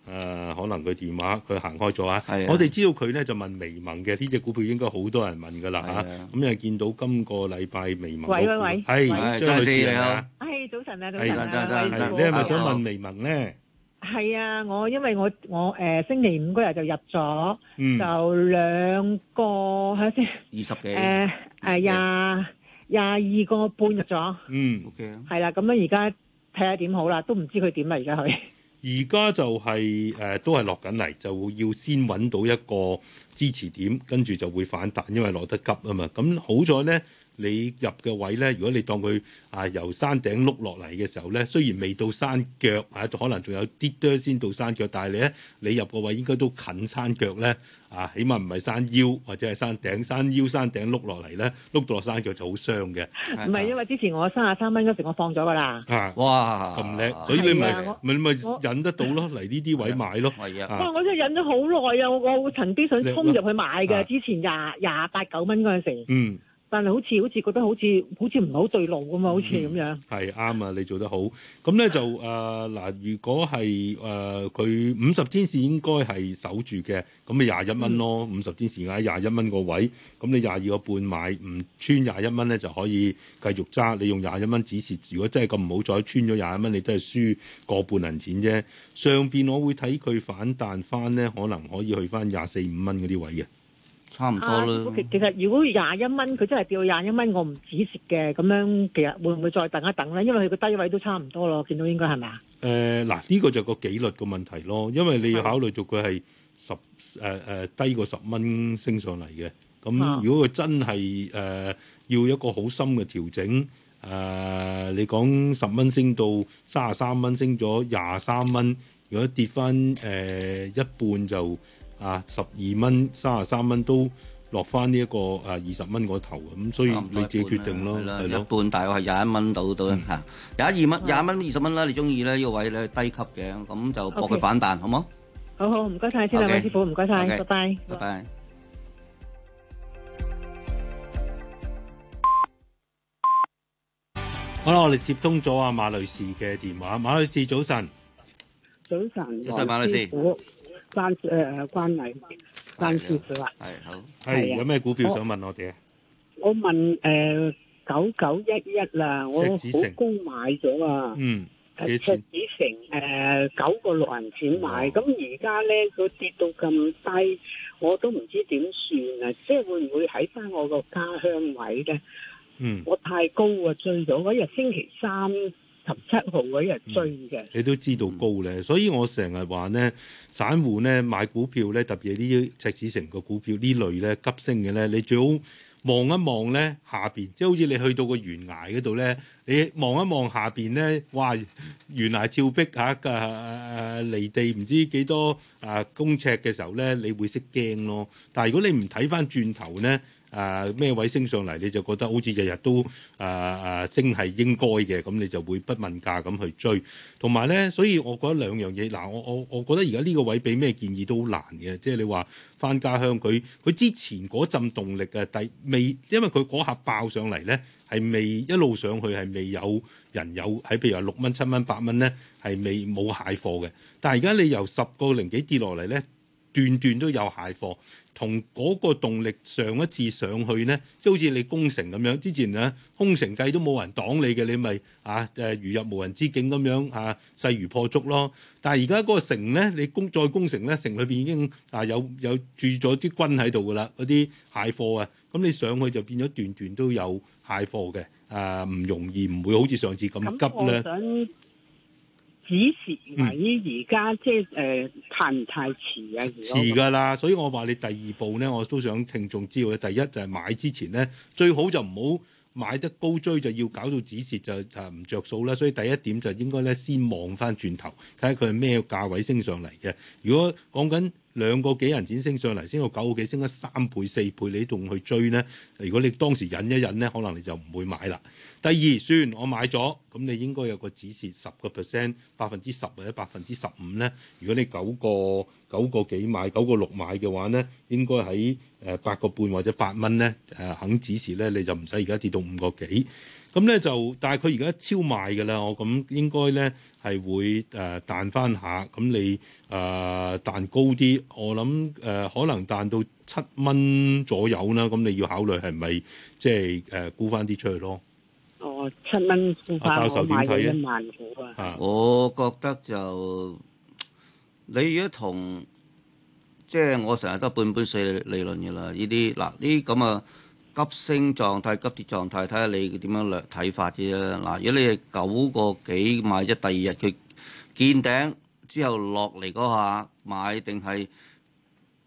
呃、可能佢電話佢行開咗啊， 我哋知道佢咧就問微盟嘅呢隻股票應該好多人問噶啦嚇，咁又見到今個禮拜微盟，喂喂喂，係喂張女士你 喂啊。早晨啊，早晨啊！的你係咪想問微盟咧？係啊、嗯，我因為我我誒、呃、星期五嗰日就入咗，就兩個係先、呃、二十幾誒誒廿廿二個半入咗、嗯。嗯，OK、嗯、啊。係啦、就是，咁樣而家睇下點好啦，都唔知佢點啦而家佢。而家就係誒，都係落緊嚟，就要先揾到一個支持點，跟住就會反彈，因為落得急啊嘛。咁好在咧，呢你入嘅位咧，如果你當佢啊由山頂碌落嚟嘅時候咧，雖然未到山腳啊，可能仲有啲堆先到山腳，但係你咧，你入個位應該都近山腳咧啊，起碼唔係山腰或者係山頂，山腰山頂碌落嚟咧，碌到落山腳就好傷嘅。唔係因為之前我三啊三蚊嗰時我放咗㗎啦。啊！哇！咁靚，所以你咪咪咪忍得到咯，嚟呢啲位買咯。係啊、no s vegetarian 26 4 mm！不過我真係忍咗好耐啊，我我曾經想衝入去買嘅，之前廿廿八九蚊嗰陣時。嗯。但係好似好似覺得好似好似唔係好對路㗎嘛，好似咁樣。係啱啊，你做得好。咁咧就啊嗱、呃，如果係誒佢五十天線應該係守住嘅，咁你廿一蚊咯，五十、嗯、天線喺廿一蚊個位，咁你廿二個半買唔穿廿一蚊咧，就可以繼續揸。你用廿一蚊指示，如果真係咁唔好彩穿咗廿一蚊，你都係輸個半銀錢啫。上邊我會睇佢反彈翻咧，可能可以去翻廿四五蚊嗰啲位嘅。差唔多啦。其、啊、其實如果廿一蚊，佢真係掉廿一蚊，我唔止蝕嘅。咁樣其實會唔會再等一等咧？因為佢個低位都差唔多咯，見到應該係咪啊？誒嗱、呃，呢、這個就個紀律個問題咯。因為你要考慮到佢係十誒誒、呃呃、低過十蚊升上嚟嘅。咁如果佢真係誒、呃、要一個好深嘅調整誒、呃，你講十蚊升到三十三蚊，升咗廿三蚊，如果跌翻誒、呃、一半就。啊，十二蚊、三啊三蚊都落翻呢一個啊二十蚊嗰頭，咁所以你自己決定咯，係咯。一半大概係廿一蚊到到吓，廿一二蚊、廿一蚊、二十蚊啦，你中意咧呢個位咧低級嘅，咁就搏佢反彈，okay. 好冇？好好，唔該晒，謝啦，馬、okay, 師傅，唔該晒，拜拜。拜拜。好啦，我哋接通咗阿馬女士嘅電話，馬女士，早晨。早晨。早晨，馬女士。關誒誒，呃，關泥關少少啦。係好的，係的有咩股票想問我哋？我，們我問誒九九一一啦，呃、我好高買咗啊。嗯、赤，呃、子城誒九、呃、個六人錢買，咁而家咧佢跌到咁低，我都唔知點算啊！即係會唔會喺返我個家鄉位咧？嗯，我太高啊，追咗嗰日星期三。十七號嗰日追嘅，你都知道高咧，所以我成日話咧，散戶咧買股票咧，特別係呢啲赤子城個股票類呢類咧急升嘅咧，你最好望一望咧下邊，即係好似你去到個懸崖嗰度咧，你望一望下邊咧，哇，懸崖峭壁嚇㗎、啊啊，離地唔知幾多啊公尺嘅時候咧，你會識驚咯。但係如果你唔睇翻轉頭咧，誒咩、呃、位升上嚟，你就覺得好似日日都誒誒、呃啊、升係應該嘅，咁你就會不問價咁去追。同埋咧，所以我覺得兩樣嘢嗱、呃，我我我覺得而家呢個位俾咩建議都好難嘅，即係你話翻家鄉佢佢之前嗰陣動力啊，但未因為佢嗰下爆上嚟咧，係未一路上去係未有人有喺譬如話六蚊七蚊八蚊咧，係未冇蟹貨嘅。但係而家你由十個零幾跌落嚟咧。段段都有蟹貨，同嗰個動力上一次上去咧，即係好似你攻城咁樣。之前咧，空城計都冇人擋你嘅，你咪啊誒如入無人之境咁樣啊，勢如破竹咯。但係而家嗰個城咧，你攻再攻城咧，城裏邊已經啊有有駐咗啲軍喺度㗎啦，嗰啲蟹貨啊，咁你上去就變咗段段都有蟹貨嘅，啊唔容易，唔會好似上次咁急啦。止蝕喺而家即係誒、呃，太唔太遲啊？遲㗎啦，所以我話你第二步咧，我都想聽眾知道。第一就係買之前咧，最好就唔好買得高追，就要搞到止蝕就誒唔着數啦。所以第一點就應該咧，先望翻轉頭，睇下佢係咩價位升上嚟嘅。如果講緊。兩個幾銀錢升上嚟，升到九個幾，升得三倍四倍，你仲去追呢？如果你當時忍一忍呢，可能你就唔會買啦。第二，雖然我買咗，咁你應該有個指示十個 percent，百分之十或者百分之十五呢。如果你九個九個幾買，九個六買嘅話呢，應該喺誒八個半或者八蚊呢。誒肯指示呢，你就唔使而家跌到五個幾。咁咧就，但係佢而家超賣嘅啦，我咁應該咧係會誒彈翻下，咁你誒彈高啲，我諗誒可能彈到七蚊左右啦，咁你要考慮係咪即係誒沽翻啲出去咯？哦，七蚊沽翻我買咗一萬股啊！我覺得就你如果同即係我成日得半杯水理論嘅啦，呢啲嗱呢咁啊～急升狀態、急跌狀態，睇下你點樣睇法啫。嗱，如果你係九個幾買，即係第二日佢見頂之後落嚟嗰下買，定係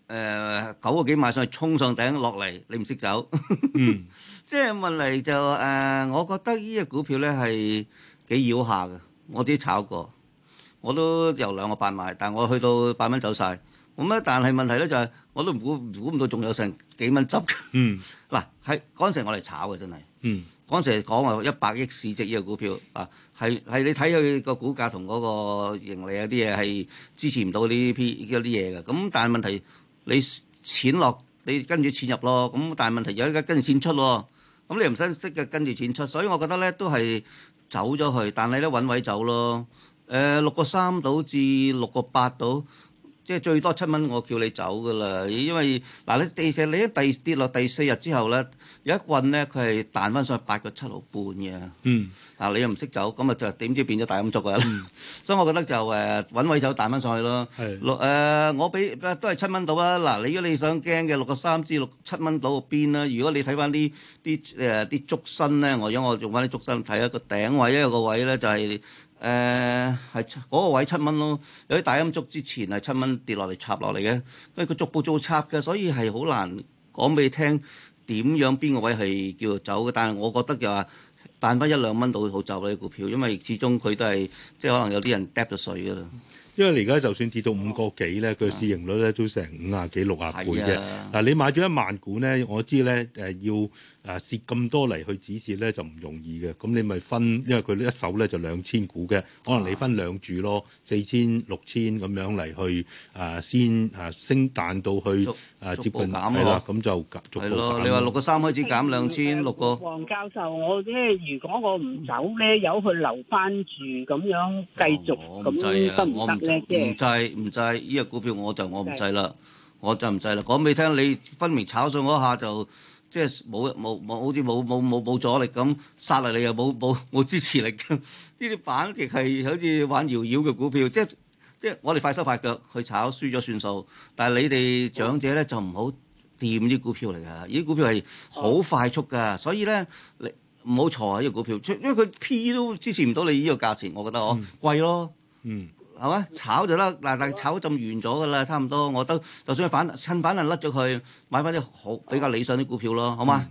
誒九個幾買上去衝上頂落嚟，你唔識走。嗯，即係問嚟就誒，我覺得呢隻股票咧係幾妖下嘅，我自己炒過，我都由兩個八買，但我去到八蚊走晒。咁啊，但係問題咧就係。我都唔估估唔到，仲有成幾蚊執嘅。嗱，喺嗰陣時我嚟炒嘅，真係。嗰陣、嗯、時講話一百億市值呢個股票啊，係係你睇佢個股價同嗰個盈利有啲嘢係支持唔到呢啲嘢嘅。咁但係問題你錢落，你跟住錢入咯。咁但係問題有一家跟住錢出喎。咁你又唔使識嘅跟住錢出，所以我覺得咧都係走咗去，但係咧搵位走咯。誒、呃，六個三到至六個八到。即係最多七蚊，我叫你走噶啦，因為嗱你地鐵你一第跌落第，第四日之後咧，有一棍咧佢係彈翻上去八個七毫半嘅。嗯，嗱你又唔識走，咁咪就點知變咗大陰燭嘅啦？嗯、 所以我覺得就誒揾位走彈翻上去咯。係，六誒是的、呃、我俾都係七蚊到啦。嗱，你如果你想驚嘅六個三至六七蚊到個邊啦？如果你睇翻啲啲誒啲竹身咧，我而家我用翻啲竹身睇一個頂位因為咧，個位咧就係、是。誒係嗰個位七蚊咯，有啲大陰燭之前係七蚊跌落嚟插落嚟嘅，因為佢逐步做插嘅，所以係好難講俾你聽點樣邊個位係叫做走嘅。但係我覺得就係彈返一兩蚊到會好走呢股票，因為始終佢都係即係可能有啲人抌咗水㗎啦。因為而家就算跌到五個幾咧，佢、啊、市盈率咧都成五幾啊幾六啊倍嘅。嗱，你買咗一萬股咧，我知咧誒、呃、要。誒蝕咁多嚟去止蝕咧就唔容易嘅，咁你咪分，因為佢呢一手咧就兩千股嘅，可能你分兩注咯，四千六千咁樣嚟去誒先誒升彈到去誒接近，係啦，咁就逐步減咯。你話六個三開始減兩千，六個。黃教授，我即係如果我唔走咧，由佢留翻住咁樣繼續咁得唔得咧？即係唔制唔制？呢隻股票我就我唔制啦，我就唔制啦。講俾你聽，你分明炒上嗰下就。即係冇冇冇，好似冇冇冇冇阻力咁殺嚟，你又冇冇冇支持力㗎。呢啲板其實好似玩搖搖嘅股票，即係即係我哋快手快腳去炒，輸咗算數。但係你哋長者咧就唔好掂呢啲股票嚟㗎。呢啲股票係好快速㗎，所以咧你唔好錯呢個股票，因因為佢 P 都支持唔到你呢個價錢，我覺得哦、嗯、貴咯。嗯。係嘛？炒就甩，嗱但係炒咁完咗㗎啦，差唔多。我都就算係反趁反彈甩咗佢，買翻啲好比較理想啲股票咯，好嘛？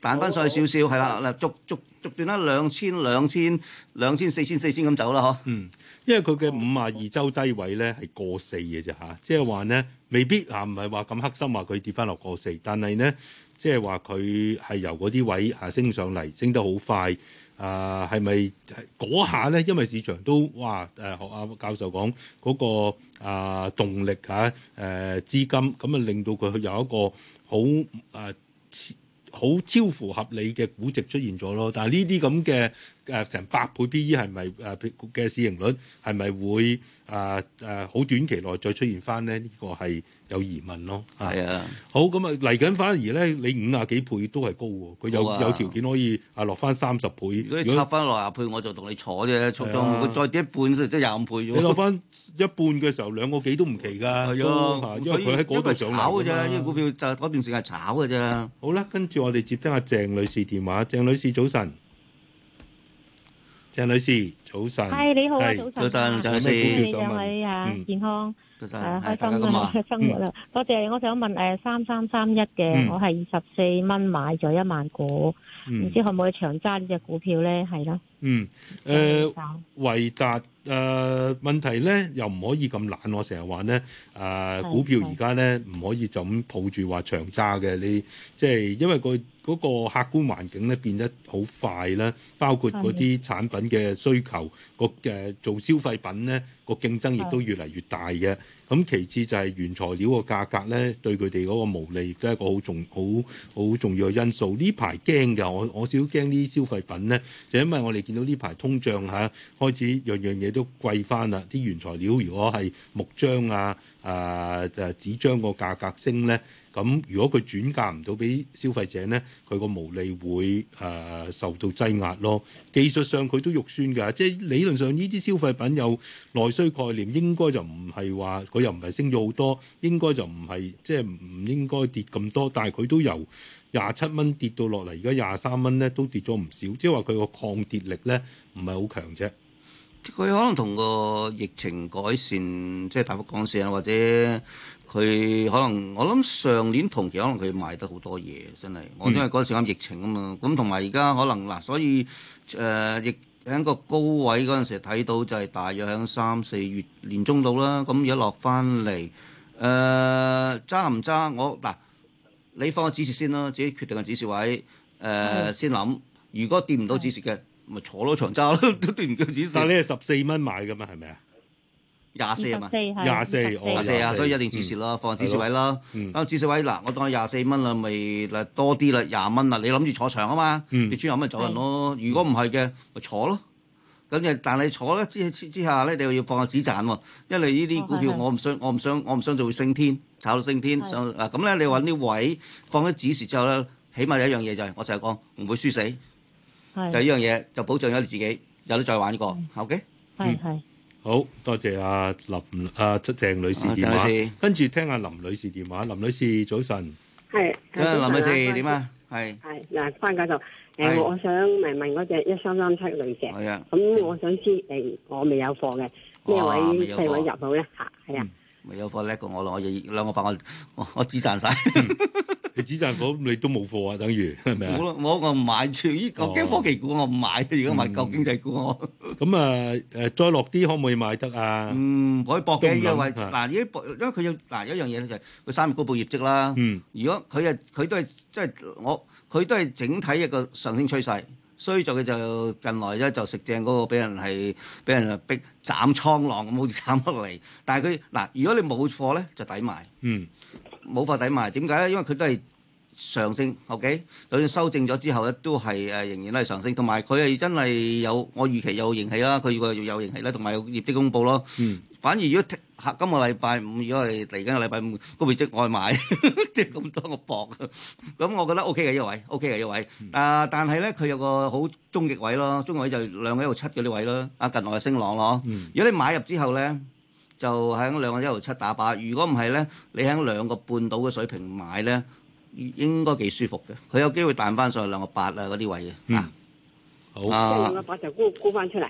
彈翻、嗯、上去少少係啦，嗱，逐逐逐段啦，兩千、兩千、兩千、四千、四千咁走啦，嗬。嗯，因為佢嘅五十二周低位咧係過四嘅啫嚇，即係話咧未必啊，唔係話咁黑心話佢跌翻落過四，但係咧即係話佢係由嗰啲位啊升上嚟，升得好快。啊，係咪嗰下咧？因為市場都哇，誒學阿教授講嗰、嗰個啊動力嚇誒資金，咁啊令到佢有一個好誒、啊、好超乎合理嘅估值出現咗咯。但係呢啲咁嘅。誒成百倍 PE 係咪誒嘅市盈率係咪會誒誒好短期內再出現翻咧？呢個係有疑問咯。係啊，好咁啊嚟緊反而咧，你五啊幾倍都係高喎，佢有有條件可以啊落翻三十倍。如果你插翻六啊倍，我就同你坐啫，坐到佢再跌一半，即係廿五倍。你落翻一半嘅時候，兩個幾都唔奇㗎。係咯，因為佢喺嗰度炒㗎啫，呢啲股票就嗰段時間炒㗎啫。好啦，跟住我哋接聽阿鄭女士電話。鄭女士早晨。鄭女士，早晨。係，你好啊，早晨。多謝，鄭女士，恭喜兩位啊，健康，開心啊，生活啦。多謝，我想問誒，三三三一嘅，我係二十四蚊買咗一萬股，唔知可唔可以長揸呢隻股票咧？係啦。嗯，誒，維達。誒、呃、問題咧又唔可以咁懶，我成日話咧，誒、呃、股票而家咧唔可以就咁抱住話長揸嘅。你即係因為、個嗰、個客觀環境咧變得好快啦，包括嗰啲產品嘅需求，個誒做消費品咧、個競爭亦都越嚟越大嘅。咁其次就係原材料個價格咧對佢哋嗰個毛利亦都係一個好重、好好重要嘅因素。呢排驚嘅，我我少驚啲消費品咧，就因為我哋見到呢排通脹嚇開始樣樣嘢都。都貴翻啦！啲原材料如果係木漿啊、啊、呃、紙漿個價格升咧，咁如果佢轉嫁唔到俾消費者咧，佢個毛利會誒、呃、受到擠壓咯。技術上佢都肉酸㗎，即係理論上呢啲消費品有內需概念，應該就唔係話佢又唔係升咗好多，應該就唔係即係唔應該跌咁多。但係佢都由廿七蚊跌到落嚟，而家廿三蚊咧都跌咗唔少，即係話佢個抗跌力咧唔係好強啫。佢可能同個疫情改善，即、就、係、是、大幅降線啊！或者佢可能，我諗上年同期可能佢買得好多嘢，真係。我、嗯、因為嗰陣時啱疫情啊嘛，咁同埋而家可能嗱，所以誒，喺、呃、個高位嗰陣時睇到就係大約喺三四月年中到啦。咁而家落翻嚟誒，揸唔揸？我嗱，你放個指示先啦，自己決定個指示位誒、呃嗯、先諗。如果掂唔到指示嘅。嗯咪坐長揸咯，都跌唔到止蝕。但係你係十四蚊買嘅嘛，係咪啊？廿四啊嘛，廿四廿四啊，所以一定止蝕咯，放止蝕位咯。咁止蝕位嗱，我當你廿四蚊啦，咪嗱多啲啦，廿蚊啦。你諗住坐場啊嘛，跌穿廿蚊咪走人咯。如果唔係嘅，咪坐咯。咁誒，但係坐咧之之下咧，你又要放下止賺喎。因為呢啲股票我唔想，我唔想，我唔想做升天，炒到升天。咁咧，你揾啲位放啲止蝕之後咧，起碼有一樣嘢就係，我就係講唔會輸死。就呢樣嘢就保障咗你自己，有得再玩過。好嘅，係係，好多謝阿林阿鄭女士電話。鄭女士，跟住聽下林女士電話。林女士，早晨。係。啊，林女士點啊？係。係嗱，翻嚟就誒，我想嚟問嗰隻一三三七女嘅。係啊。咁我想知誒，我未有貨嘅，咩位細位入到咧嚇？係啊。未有貨叻過我咯，我兩個百我我止賺曬。你指贊房，你都冇貨啊，等於係咪冇咯，我唔買住依個，驚科技股我唔買。如果買夠經濟股。咁啊、嗯，誒我笑 再落啲可唔可以買得啊？嗯，可以搏嘅，因為嗱，依啲因為佢要嗱，有一樣嘢咧就係佢三季報業績啦。嗯。如果佢啊，佢都係即係我，佢都係整體一個上升趨勢，所以就佢就近來咧就食正嗰個俾人係俾人啊逼斬倉浪咁，冇跌斬落嚟。但係佢嗱，如果你冇貨咧，就抵買。嗯。冇法抵賣，點解咧？因為佢都係上升，OK。就算修正咗之後咧，都係誒仍然都係上升。同埋佢係真係有我預期有盈喜啦，佢如果係有盈喜啦，同埋有業績公布咯。嗯。反而如果今個禮拜五，如果係嚟緊個禮拜五，個業績我去買，即係咁多我搏。咁我覺得 O K 嘅呢位，O K 嘅呢位。啊，但係咧，佢有個好中極位咯，中極位就兩個一路出嗰啲位咯。啊，近來升浪咯。嗯。如果你買入之後咧。就喺兩個一毫七打八，如果唔係咧，你喺兩個半島嘅水平買咧，應該幾舒服嘅。佢有機會彈翻上去兩個八啦，嗰啲位嘅。嗯，好。兩個八就沽沽翻出嚟。誒、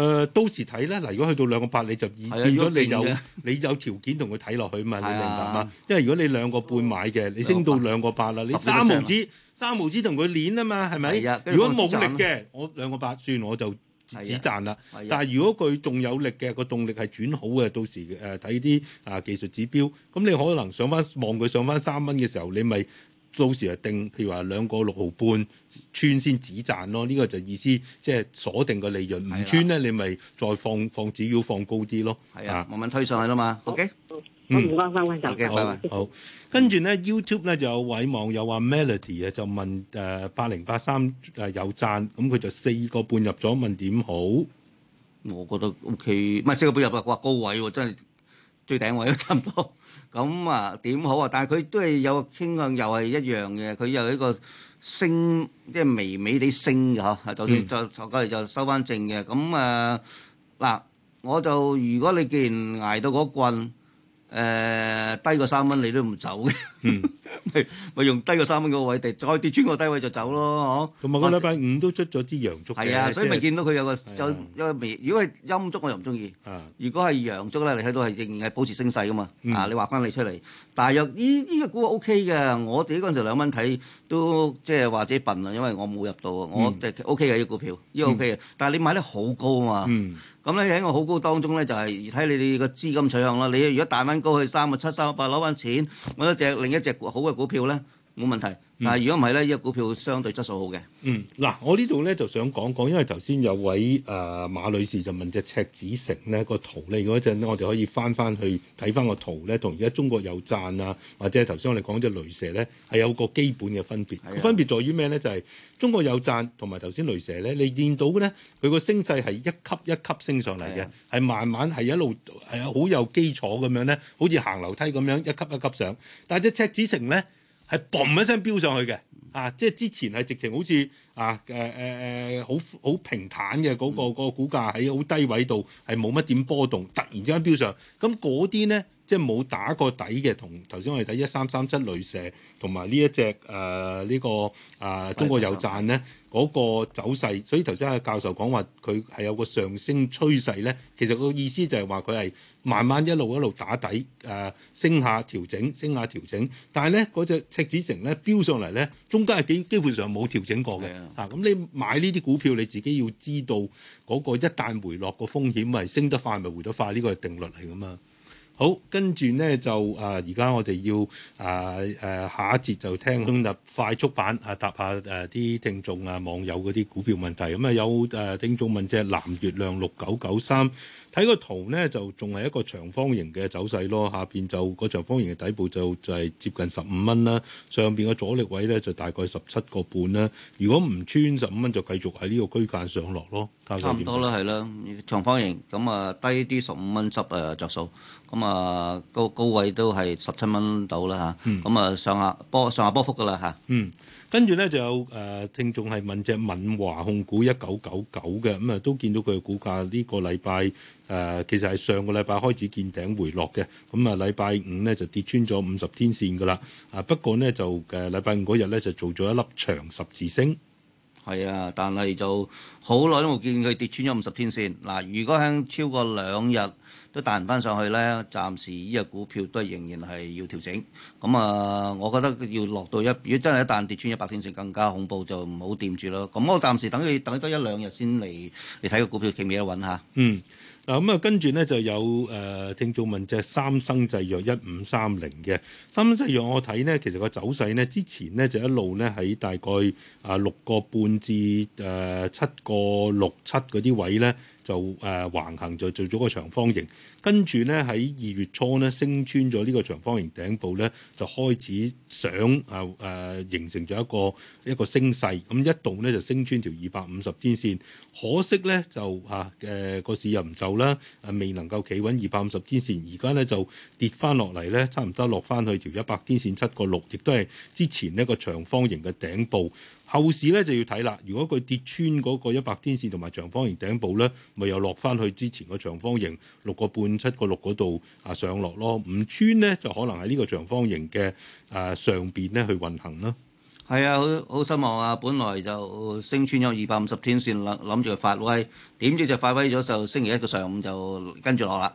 呃，到時睇啦。嗱，如果去到兩個八，你就、啊、變咗你有你有條件同佢睇落去嘛？啊、你明白嘛？因為如果你兩個半買嘅，你升到兩個八啦，嗯、你三毫子三毫子同佢連啊嘛，係咪？啊、如果冇力嘅，我兩個八算我就。止賺啦，的但係如果佢仲有力嘅個的動力係轉好嘅，到時誒睇啲啊技術指標，咁你可能上翻望佢上翻三蚊嘅時候，你咪。到時啊，定譬如話兩個六毫半穿先止賺咯，呢、這個就意思即係鎖定個利潤，唔的穿咧你咪再放放止要放高啲咯。係的啊，慢慢推上去啦嘛。O K，好唔該 t h 手嘅。拜拜好。跟住咧 YouTube 咧就有位網友話 Melody 啊，就問誒八零八三誒有賺，咁佢就四個半入咗問點好？我覺得 O K，唔係四個半入啊，話高位喎，真係最頂位都差唔多。 咁啊點好啊？但係佢都係有傾向，又係一樣嘅。佢又係一個升，即係微微啲升嘅呵、嗯。就算再坐過嚟就收翻正嘅。咁啊嗱，我就如果你既然捱到嗰棍。誒、呃，低過三蚊你都唔走嘅，咪、嗯、 用低過三蚊嗰個位跌，再跌穿個低位就走咯，嗬？同埋個禮拜五都出咗支陽燭，係啊，所以咪見到佢有個、啊、有個有微。如果係陰燭我又唔中意，啊、如果係陽燭咧，你睇到係仍然係保持升勢噶嘛？嗯、啊，你話翻你出嚟。大約依依、這個股 O K 嘅，我自己嗰陣時兩蚊睇都即係或者笨啦，因為我冇入到，嗯、我隻 O K 嘅依個股票，依、這個 O K 嘅。嗯、但係你買得好高啊嘛，咁咧喺我好高當中咧就係、是、睇你哋個資金取向啦。你如果大蚊高去三個七三個八攞翻錢，揾一隻另一隻好嘅股票咧。冇問題，但係如果唔係咧，依、這個股票相對質素好嘅。嗯，嗱，我呢度咧就想講講，因為頭先有位誒、呃、馬女士就問隻赤子城咧、這個圖咧如果一陣咧，我哋可以翻翻去睇翻個圖咧，同而家中國有贊啊，或者頭先我哋講隻雷蛇咧，係有個基本嘅分別。啊、分別在於咩咧？就係、是、中國有贊同埋頭先雷蛇咧，你見到咧佢個升勢係一級一級升上嚟嘅，係、啊、慢慢係一路係好有基礎咁樣咧，好似行樓梯咁樣一級一級上。但係隻赤子城咧。係嘣一聲飆上去嘅，啊，即係之前係直情好似啊誒誒誒好好平坦嘅嗰個嗰個股價喺好低位度係冇乜點，波動，突然之間飆上，咁嗰啲咧。即係冇打過底嘅，同頭先我哋睇一三三七雷蛇，同埋呢一隻誒、呃這個呃、呢個啊中國有贊咧嗰個走勢。所以頭先阿教授講話佢係有個上升趨勢咧，其實個意思就係話佢係慢慢一路一路打底誒、呃、升下調整，升下調整。但係咧嗰隻赤子城咧飆上嚟咧，中間係基基本上冇調整過嘅嚇。咁的、啊、你買呢啲股票，你自己要知道嗰個一旦回落個風險係升得快，咪回得快？呢個係定律嚟㗎嘛。好，跟住咧就誒，而、呃、家我哋要誒誒、呃呃、下一節就聽入快速版啊，答下誒啲、呃、聽眾啊、網友嗰啲股票問題。咁、嗯、啊有誒、呃、聽眾問隻藍月亮六九九三。睇個圖咧，就仲係一個長方形嘅走勢咯。下邊就、個長方形嘅底部就就係、是、接近十五蚊啦。上邊嘅阻力位咧就大概十七個半啦。如果唔穿十五蚊，就繼續喺呢個區間上落咯。差唔多啦，係啦，長方形咁啊，低啲十五蚊執誒着數。咁啊，高高位都係十七蚊到啦嚇。咁啊、嗯，上下波上下波幅噶啦嚇。嗯跟住咧就有誒、呃、聽眾係問隻敏華控股一九九九嘅，咁、嗯、啊都見到佢嘅股價呢個禮拜誒其實係上個禮拜開始見頂回落嘅，咁啊禮拜五咧就跌穿咗五十天線㗎喇，啊不過咧就誒禮拜五嗰日咧就做咗一粒長十字星。係啊，但係就好耐都冇見佢跌穿咗五十天線。嗱，如果喺超過兩日都彈翻上去咧，暫時依隻股票都係仍然係要調整。咁、嗯、啊，我覺得要落到一，如果真係一旦跌穿一百天線，更加恐怖，就唔好掂住咯。咁我暫時等佢等多一兩日先，嚟你睇個股票企唔企得穩下。嗯。嗱咁啊，跟住咧就有誒、呃、聽眾問即係三生製藥一五三零嘅三生製藥，我睇咧其實個走勢咧之前咧就一路咧喺大概啊六個半至誒七個六七嗰啲位咧。就誒、啊、橫行就做咗個長方形，跟住咧喺二月初咧升穿咗呢個長方形頂部咧，就開始想啊誒、啊、形成咗一個一個升勢，咁一度咧就升穿條二百五十天線，可惜咧就啊誒個市又唔就啦，未能夠企穩二百五十天線，而家咧就跌翻落嚟咧，差唔多落翻去條一百天線七個六，亦都係之前呢個長方形嘅頂部。後市咧就要睇啦。如果佢跌穿嗰個一百天線同埋長方形頂部咧，咪又落翻去之前個長方形六個半七個六嗰度啊上落咯。唔穿咧就可能喺呢個長方形嘅啊上邊咧去運行咯。係啊，好好失望啊！本來就升穿咗二百五十天線，諗諗住發威，點知就發威咗，就星期一個上午就跟住落啦。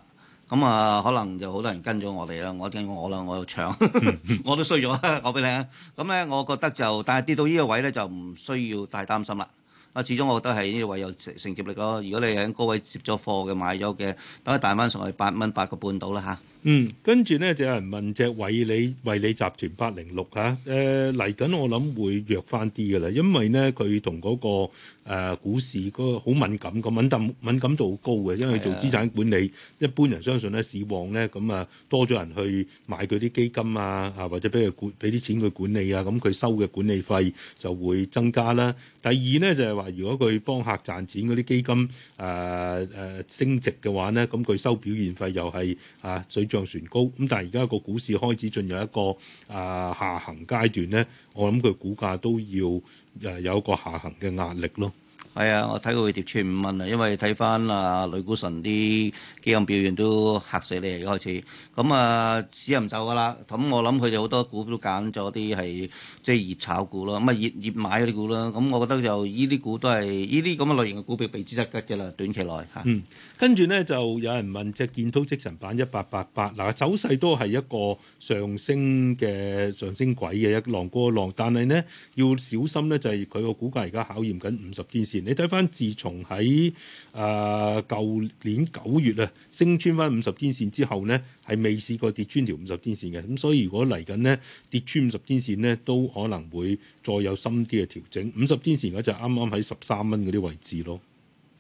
咁啊，可能就好多人跟咗我哋啦。我跟我啦，我又搶， 我都衰咗，我俾你聽。咁咧，我覺得就，但係跌到呢個位咧，就唔需要太擔心啦。啊，始終我覺得係呢個位有承接力咯。如果你喺高位接咗貨嘅買咗嘅，等佢彈翻上去八蚊八個半到啦嚇。嗯，跟住咧就有人問隻惠理惠理集團八零六嚇，誒嚟緊我諗會弱翻啲嘅啦，因為咧佢同嗰個、呃、股市嗰個好敏感個敏感敏感度好高嘅，因為做資產管理，的一般人相信咧市旺咧咁啊多咗人去買佢啲基金啊啊或者俾佢管俾啲錢佢管理啊，咁、嗯、佢收嘅管理費就會增加啦。第二咧就係話，如果佢幫客賺錢嗰啲基金誒誒、呃呃、升值嘅話咧，咁、嗯、佢收表現費又係啊最。水上船高，咁但係而家個股市開始進入一個啊下行階段咧，我諗佢股價都要誒有一個下行嘅壓力咯。係啊、哎，我睇佢跌穿五蚊啊。因為睇翻啊女股神啲基金表現都嚇死你啊！一開始咁啊，止唔走㗎啦。咁我諗佢哋好多股都揀咗啲係即係熱炒股咯，咁啊熱熱買嗰啲股啦。咁我覺得就依啲股都係依啲咁嘅類型嘅股票，避之則吉嘅啦，短期內嚇。嗯，跟住咧就有人問，即係建滔積層板一八八八，嗱走勢都係一個上升嘅上升軌嘅一浪過一浪，但係咧要小心咧就係佢個股價而家考驗緊五十天線。你睇翻，自從喺誒舊年九月啊，升穿翻五十天線之後咧，係未試過跌穿條五十天線嘅。咁所以如果嚟緊咧跌穿五十天線咧，都可能會再有深啲嘅調整。五十天線就啱啱喺十三蚊嗰啲位置咯。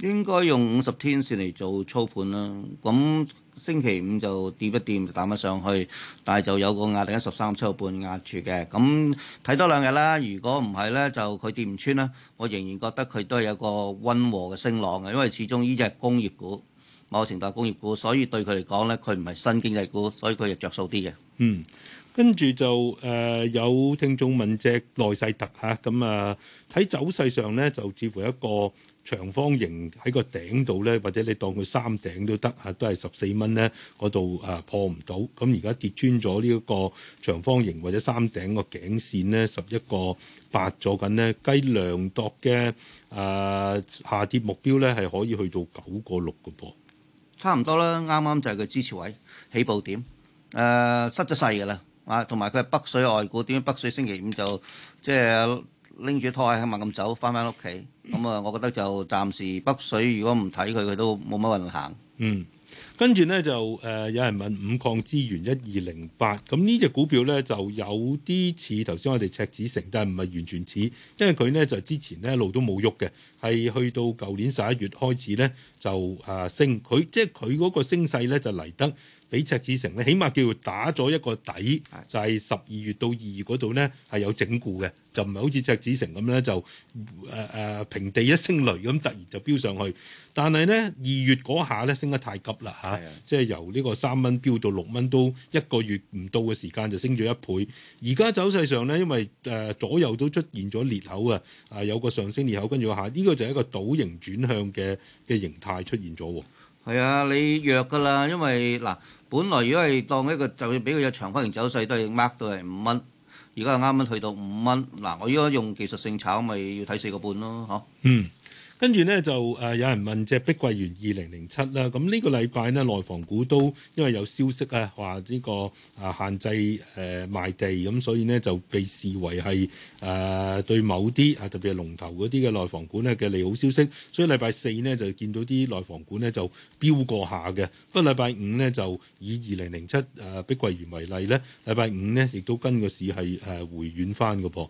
應該用五十天線嚟做操盤啦。咁星期五就跌一跌，就打返上去，但係就有個壓力一十三七號半壓住嘅。咁睇多兩日啦。如果唔係咧，就佢跌唔穿啦。我仍然覺得佢都係有個溫和嘅升浪嘅，因為始終依隻工業股，某程度係工業股，所以對佢嚟講咧，佢唔係新經濟股，所以佢係着數啲嘅。嗯，跟住就誒、呃、有聽眾問隻耐世特嚇咁啊，喺走勢上咧就似乎一個。長方形喺個頂度咧，或者你當佢三頂都得嚇，都係十四蚊咧嗰度誒破唔到。咁而家跌穿咗呢一個長方形或者三頂個頸線咧，十一個八咗緊咧。雞量度嘅誒、呃、下跌目標咧係可以去到九個六個噃，差唔多啦，啱啱就係個支持位起步點誒、呃，失咗勢㗎啦啊！同埋佢係北水外股點？北水星期五就即係。就是拎住拖鞋，係咪咁走，翻翻屋企咁啊！我覺得就暫時北水，如果唔睇佢，佢都冇乜運行。嗯，跟住咧就誒、呃，有人問五礦資源一二零八，咁呢隻股票咧就有啲似頭先我哋赤子城，但係唔係完全似，因為佢咧就之前咧一路都冇喐嘅，係去到舊年十一月開始咧就誒升，佢即係佢嗰個升勢咧就嚟得。俾赤子城咧，起碼叫做打咗一個底，就係十二月到二月嗰度咧係有整固嘅，就唔係好似赤子城咁咧就誒誒、呃呃、平地一聲雷咁突然就飆上去。但係咧二月嗰下咧升得太急啦嚇的、啊，即係由呢個三蚊飆到六蚊都一個月唔到嘅時間就升咗一倍。而家走勢上咧，因為誒、呃、左右都出現咗裂口啊，啊有個上升裂口跟住個下，呢、這個就係一個倒型轉向嘅嘅形態出現咗。係啊，你弱㗎啦，因為嗱。本來如果係當一個就算俾佢有長方形走勢，都係 mark 到係五蚊。而家啱啱去到五蚊，嗱，我而家用技術性炒，咪要睇四個半咯，嗬？嗯。跟住咧就誒有人問隻碧桂園二零零七啦，咁呢個禮拜呢，內房股都因為有消息咧話呢個啊限制誒賣地，咁所以呢就被視為係誒對某啲啊特別係龍頭嗰啲嘅內房股咧嘅利好消息，所以禮拜四呢，就見到啲內房股咧就飆過下嘅，不過禮拜五呢，就以二零零七誒碧桂園為例咧，禮拜五呢亦都跟個市係誒回軟翻個噃。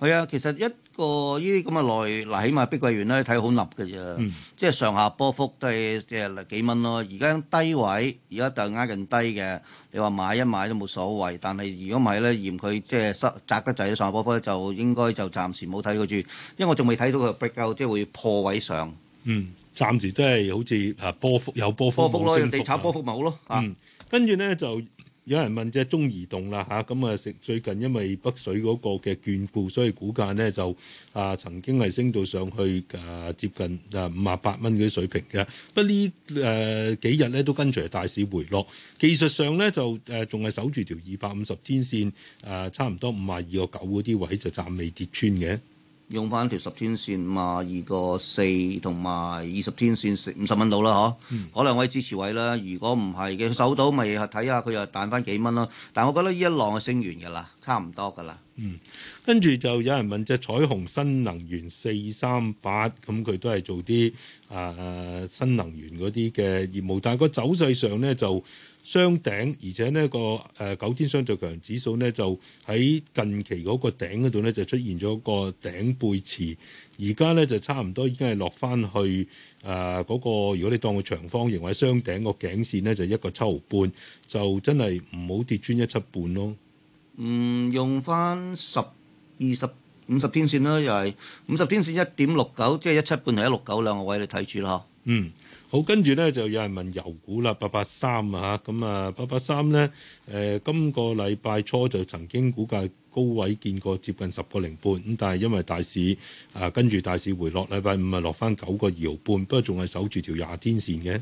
係啊，嗯、其實一個呢啲咁嘅內嗱，起碼碧桂園咧睇好立嘅啫，嗯、即係上下波幅都係即係幾蚊咯。而家低位，而家就挨近低嘅。你話買一買都冇所謂，但係如果買咧嫌佢即係收窄得滯上下波幅咧，就應該就暫時冇睇佢住，因為我仲未睇到佢 break out，即係會破位上。嗯，暫時都係好似啊波幅有波幅，冇升幅。啊、地波幅咯，人哋炒波幅咪好咯啊！跟住咧就。有人問即係，中移動啦吓，咁啊食最近因為北水嗰個嘅眷顧，所以股價咧就啊曾經係升到上去啊接近啊五啊八蚊嗰啲水平嘅。不呢誒幾日咧都跟住大市回落，技術上咧就誒仲係守住條二百五十天線啊，差唔多五啊二個九嗰啲位就暫未跌穿嘅。用翻條十天線嘛，二個四同埋二十天線五十蚊到啦，嗬。可能、嗯、位支持位啦。如果唔係嘅，佢手到咪睇下佢又彈翻幾蚊咯。但係我覺得呢一浪係升完㗎啦，差唔多㗎啦。嗯，跟住就有人問隻彩虹新能源四三八，咁佢都係做啲誒新能源嗰啲嘅業務，但係個走勢上咧就。雙頂，而且呢個誒、呃、九天相對強弱指數呢，就喺近期嗰個頂嗰度呢，就出現咗個頂背馳，而家呢，就差唔多已經係落翻去誒嗰、呃那個，如果你當個長方形或者雙頂個頸線呢，就一個七毫半，就真係唔好跌穿一七半咯。嗯，用翻十、二十、五十天線啦，又係五十天線一點六九，即係一七半同一六九兩個位你睇住啦，嗯，好，跟住咧就有人問油股啦，八八三啊嚇，咁啊八八三咧，誒、呃、今個禮拜初就曾經估計高位見過接近十個零半，咁但係因為大市啊跟住大市回落，禮拜五啊落翻九個二毫半，不過仲係守住條廿天線嘅。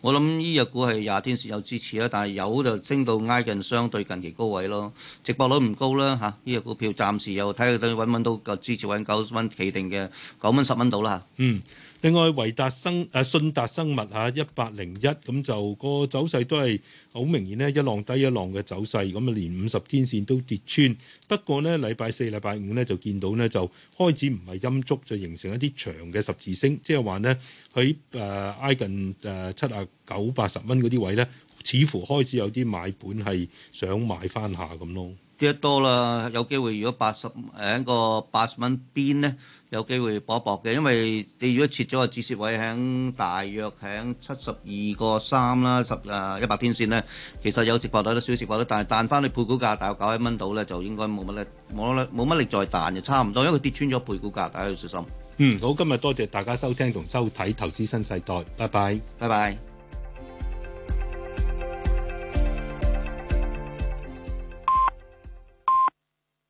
我諗呢日股係廿天線有支持啦，但係油就升到挨近相對近期高位咯，值博率唔高啦嚇，呢、這、日、個、股票暫時又睇下等揾揾到個支持揾九蚊企定嘅九蚊十蚊到啦嚇。9，嗯。另外，維達生啊，信達生物嚇一百零一咁就、嗰個走勢都係好明顯咧，一浪低一浪嘅走勢，咁啊連五十天線都跌穿。不過咧，禮拜四、禮拜五咧就見到咧就開始唔係陰足，就形成一啲長嘅十字星，即係話咧喺誒挨近誒七啊九八十蚊嗰啲位咧，似乎開始有啲買盤，係想買翻下咁咯。跌得多啦，有機會如果八十，誒一個八十蚊邊咧，有機會搏一搏嘅，因為你如果切咗個止蝕位喺大約喺七十二個三啦，十誒一百天線咧，其實有直落啲，少少直落啲，但係彈翻你配股價大概九一蚊到咧，就應該冇乜力，冇冇冇乜力再彈就差唔多，因為佢跌穿咗配股價，大家要小心。嗯，好，今日多謝大家收聽同收睇《投資新世代》，拜拜，拜拜。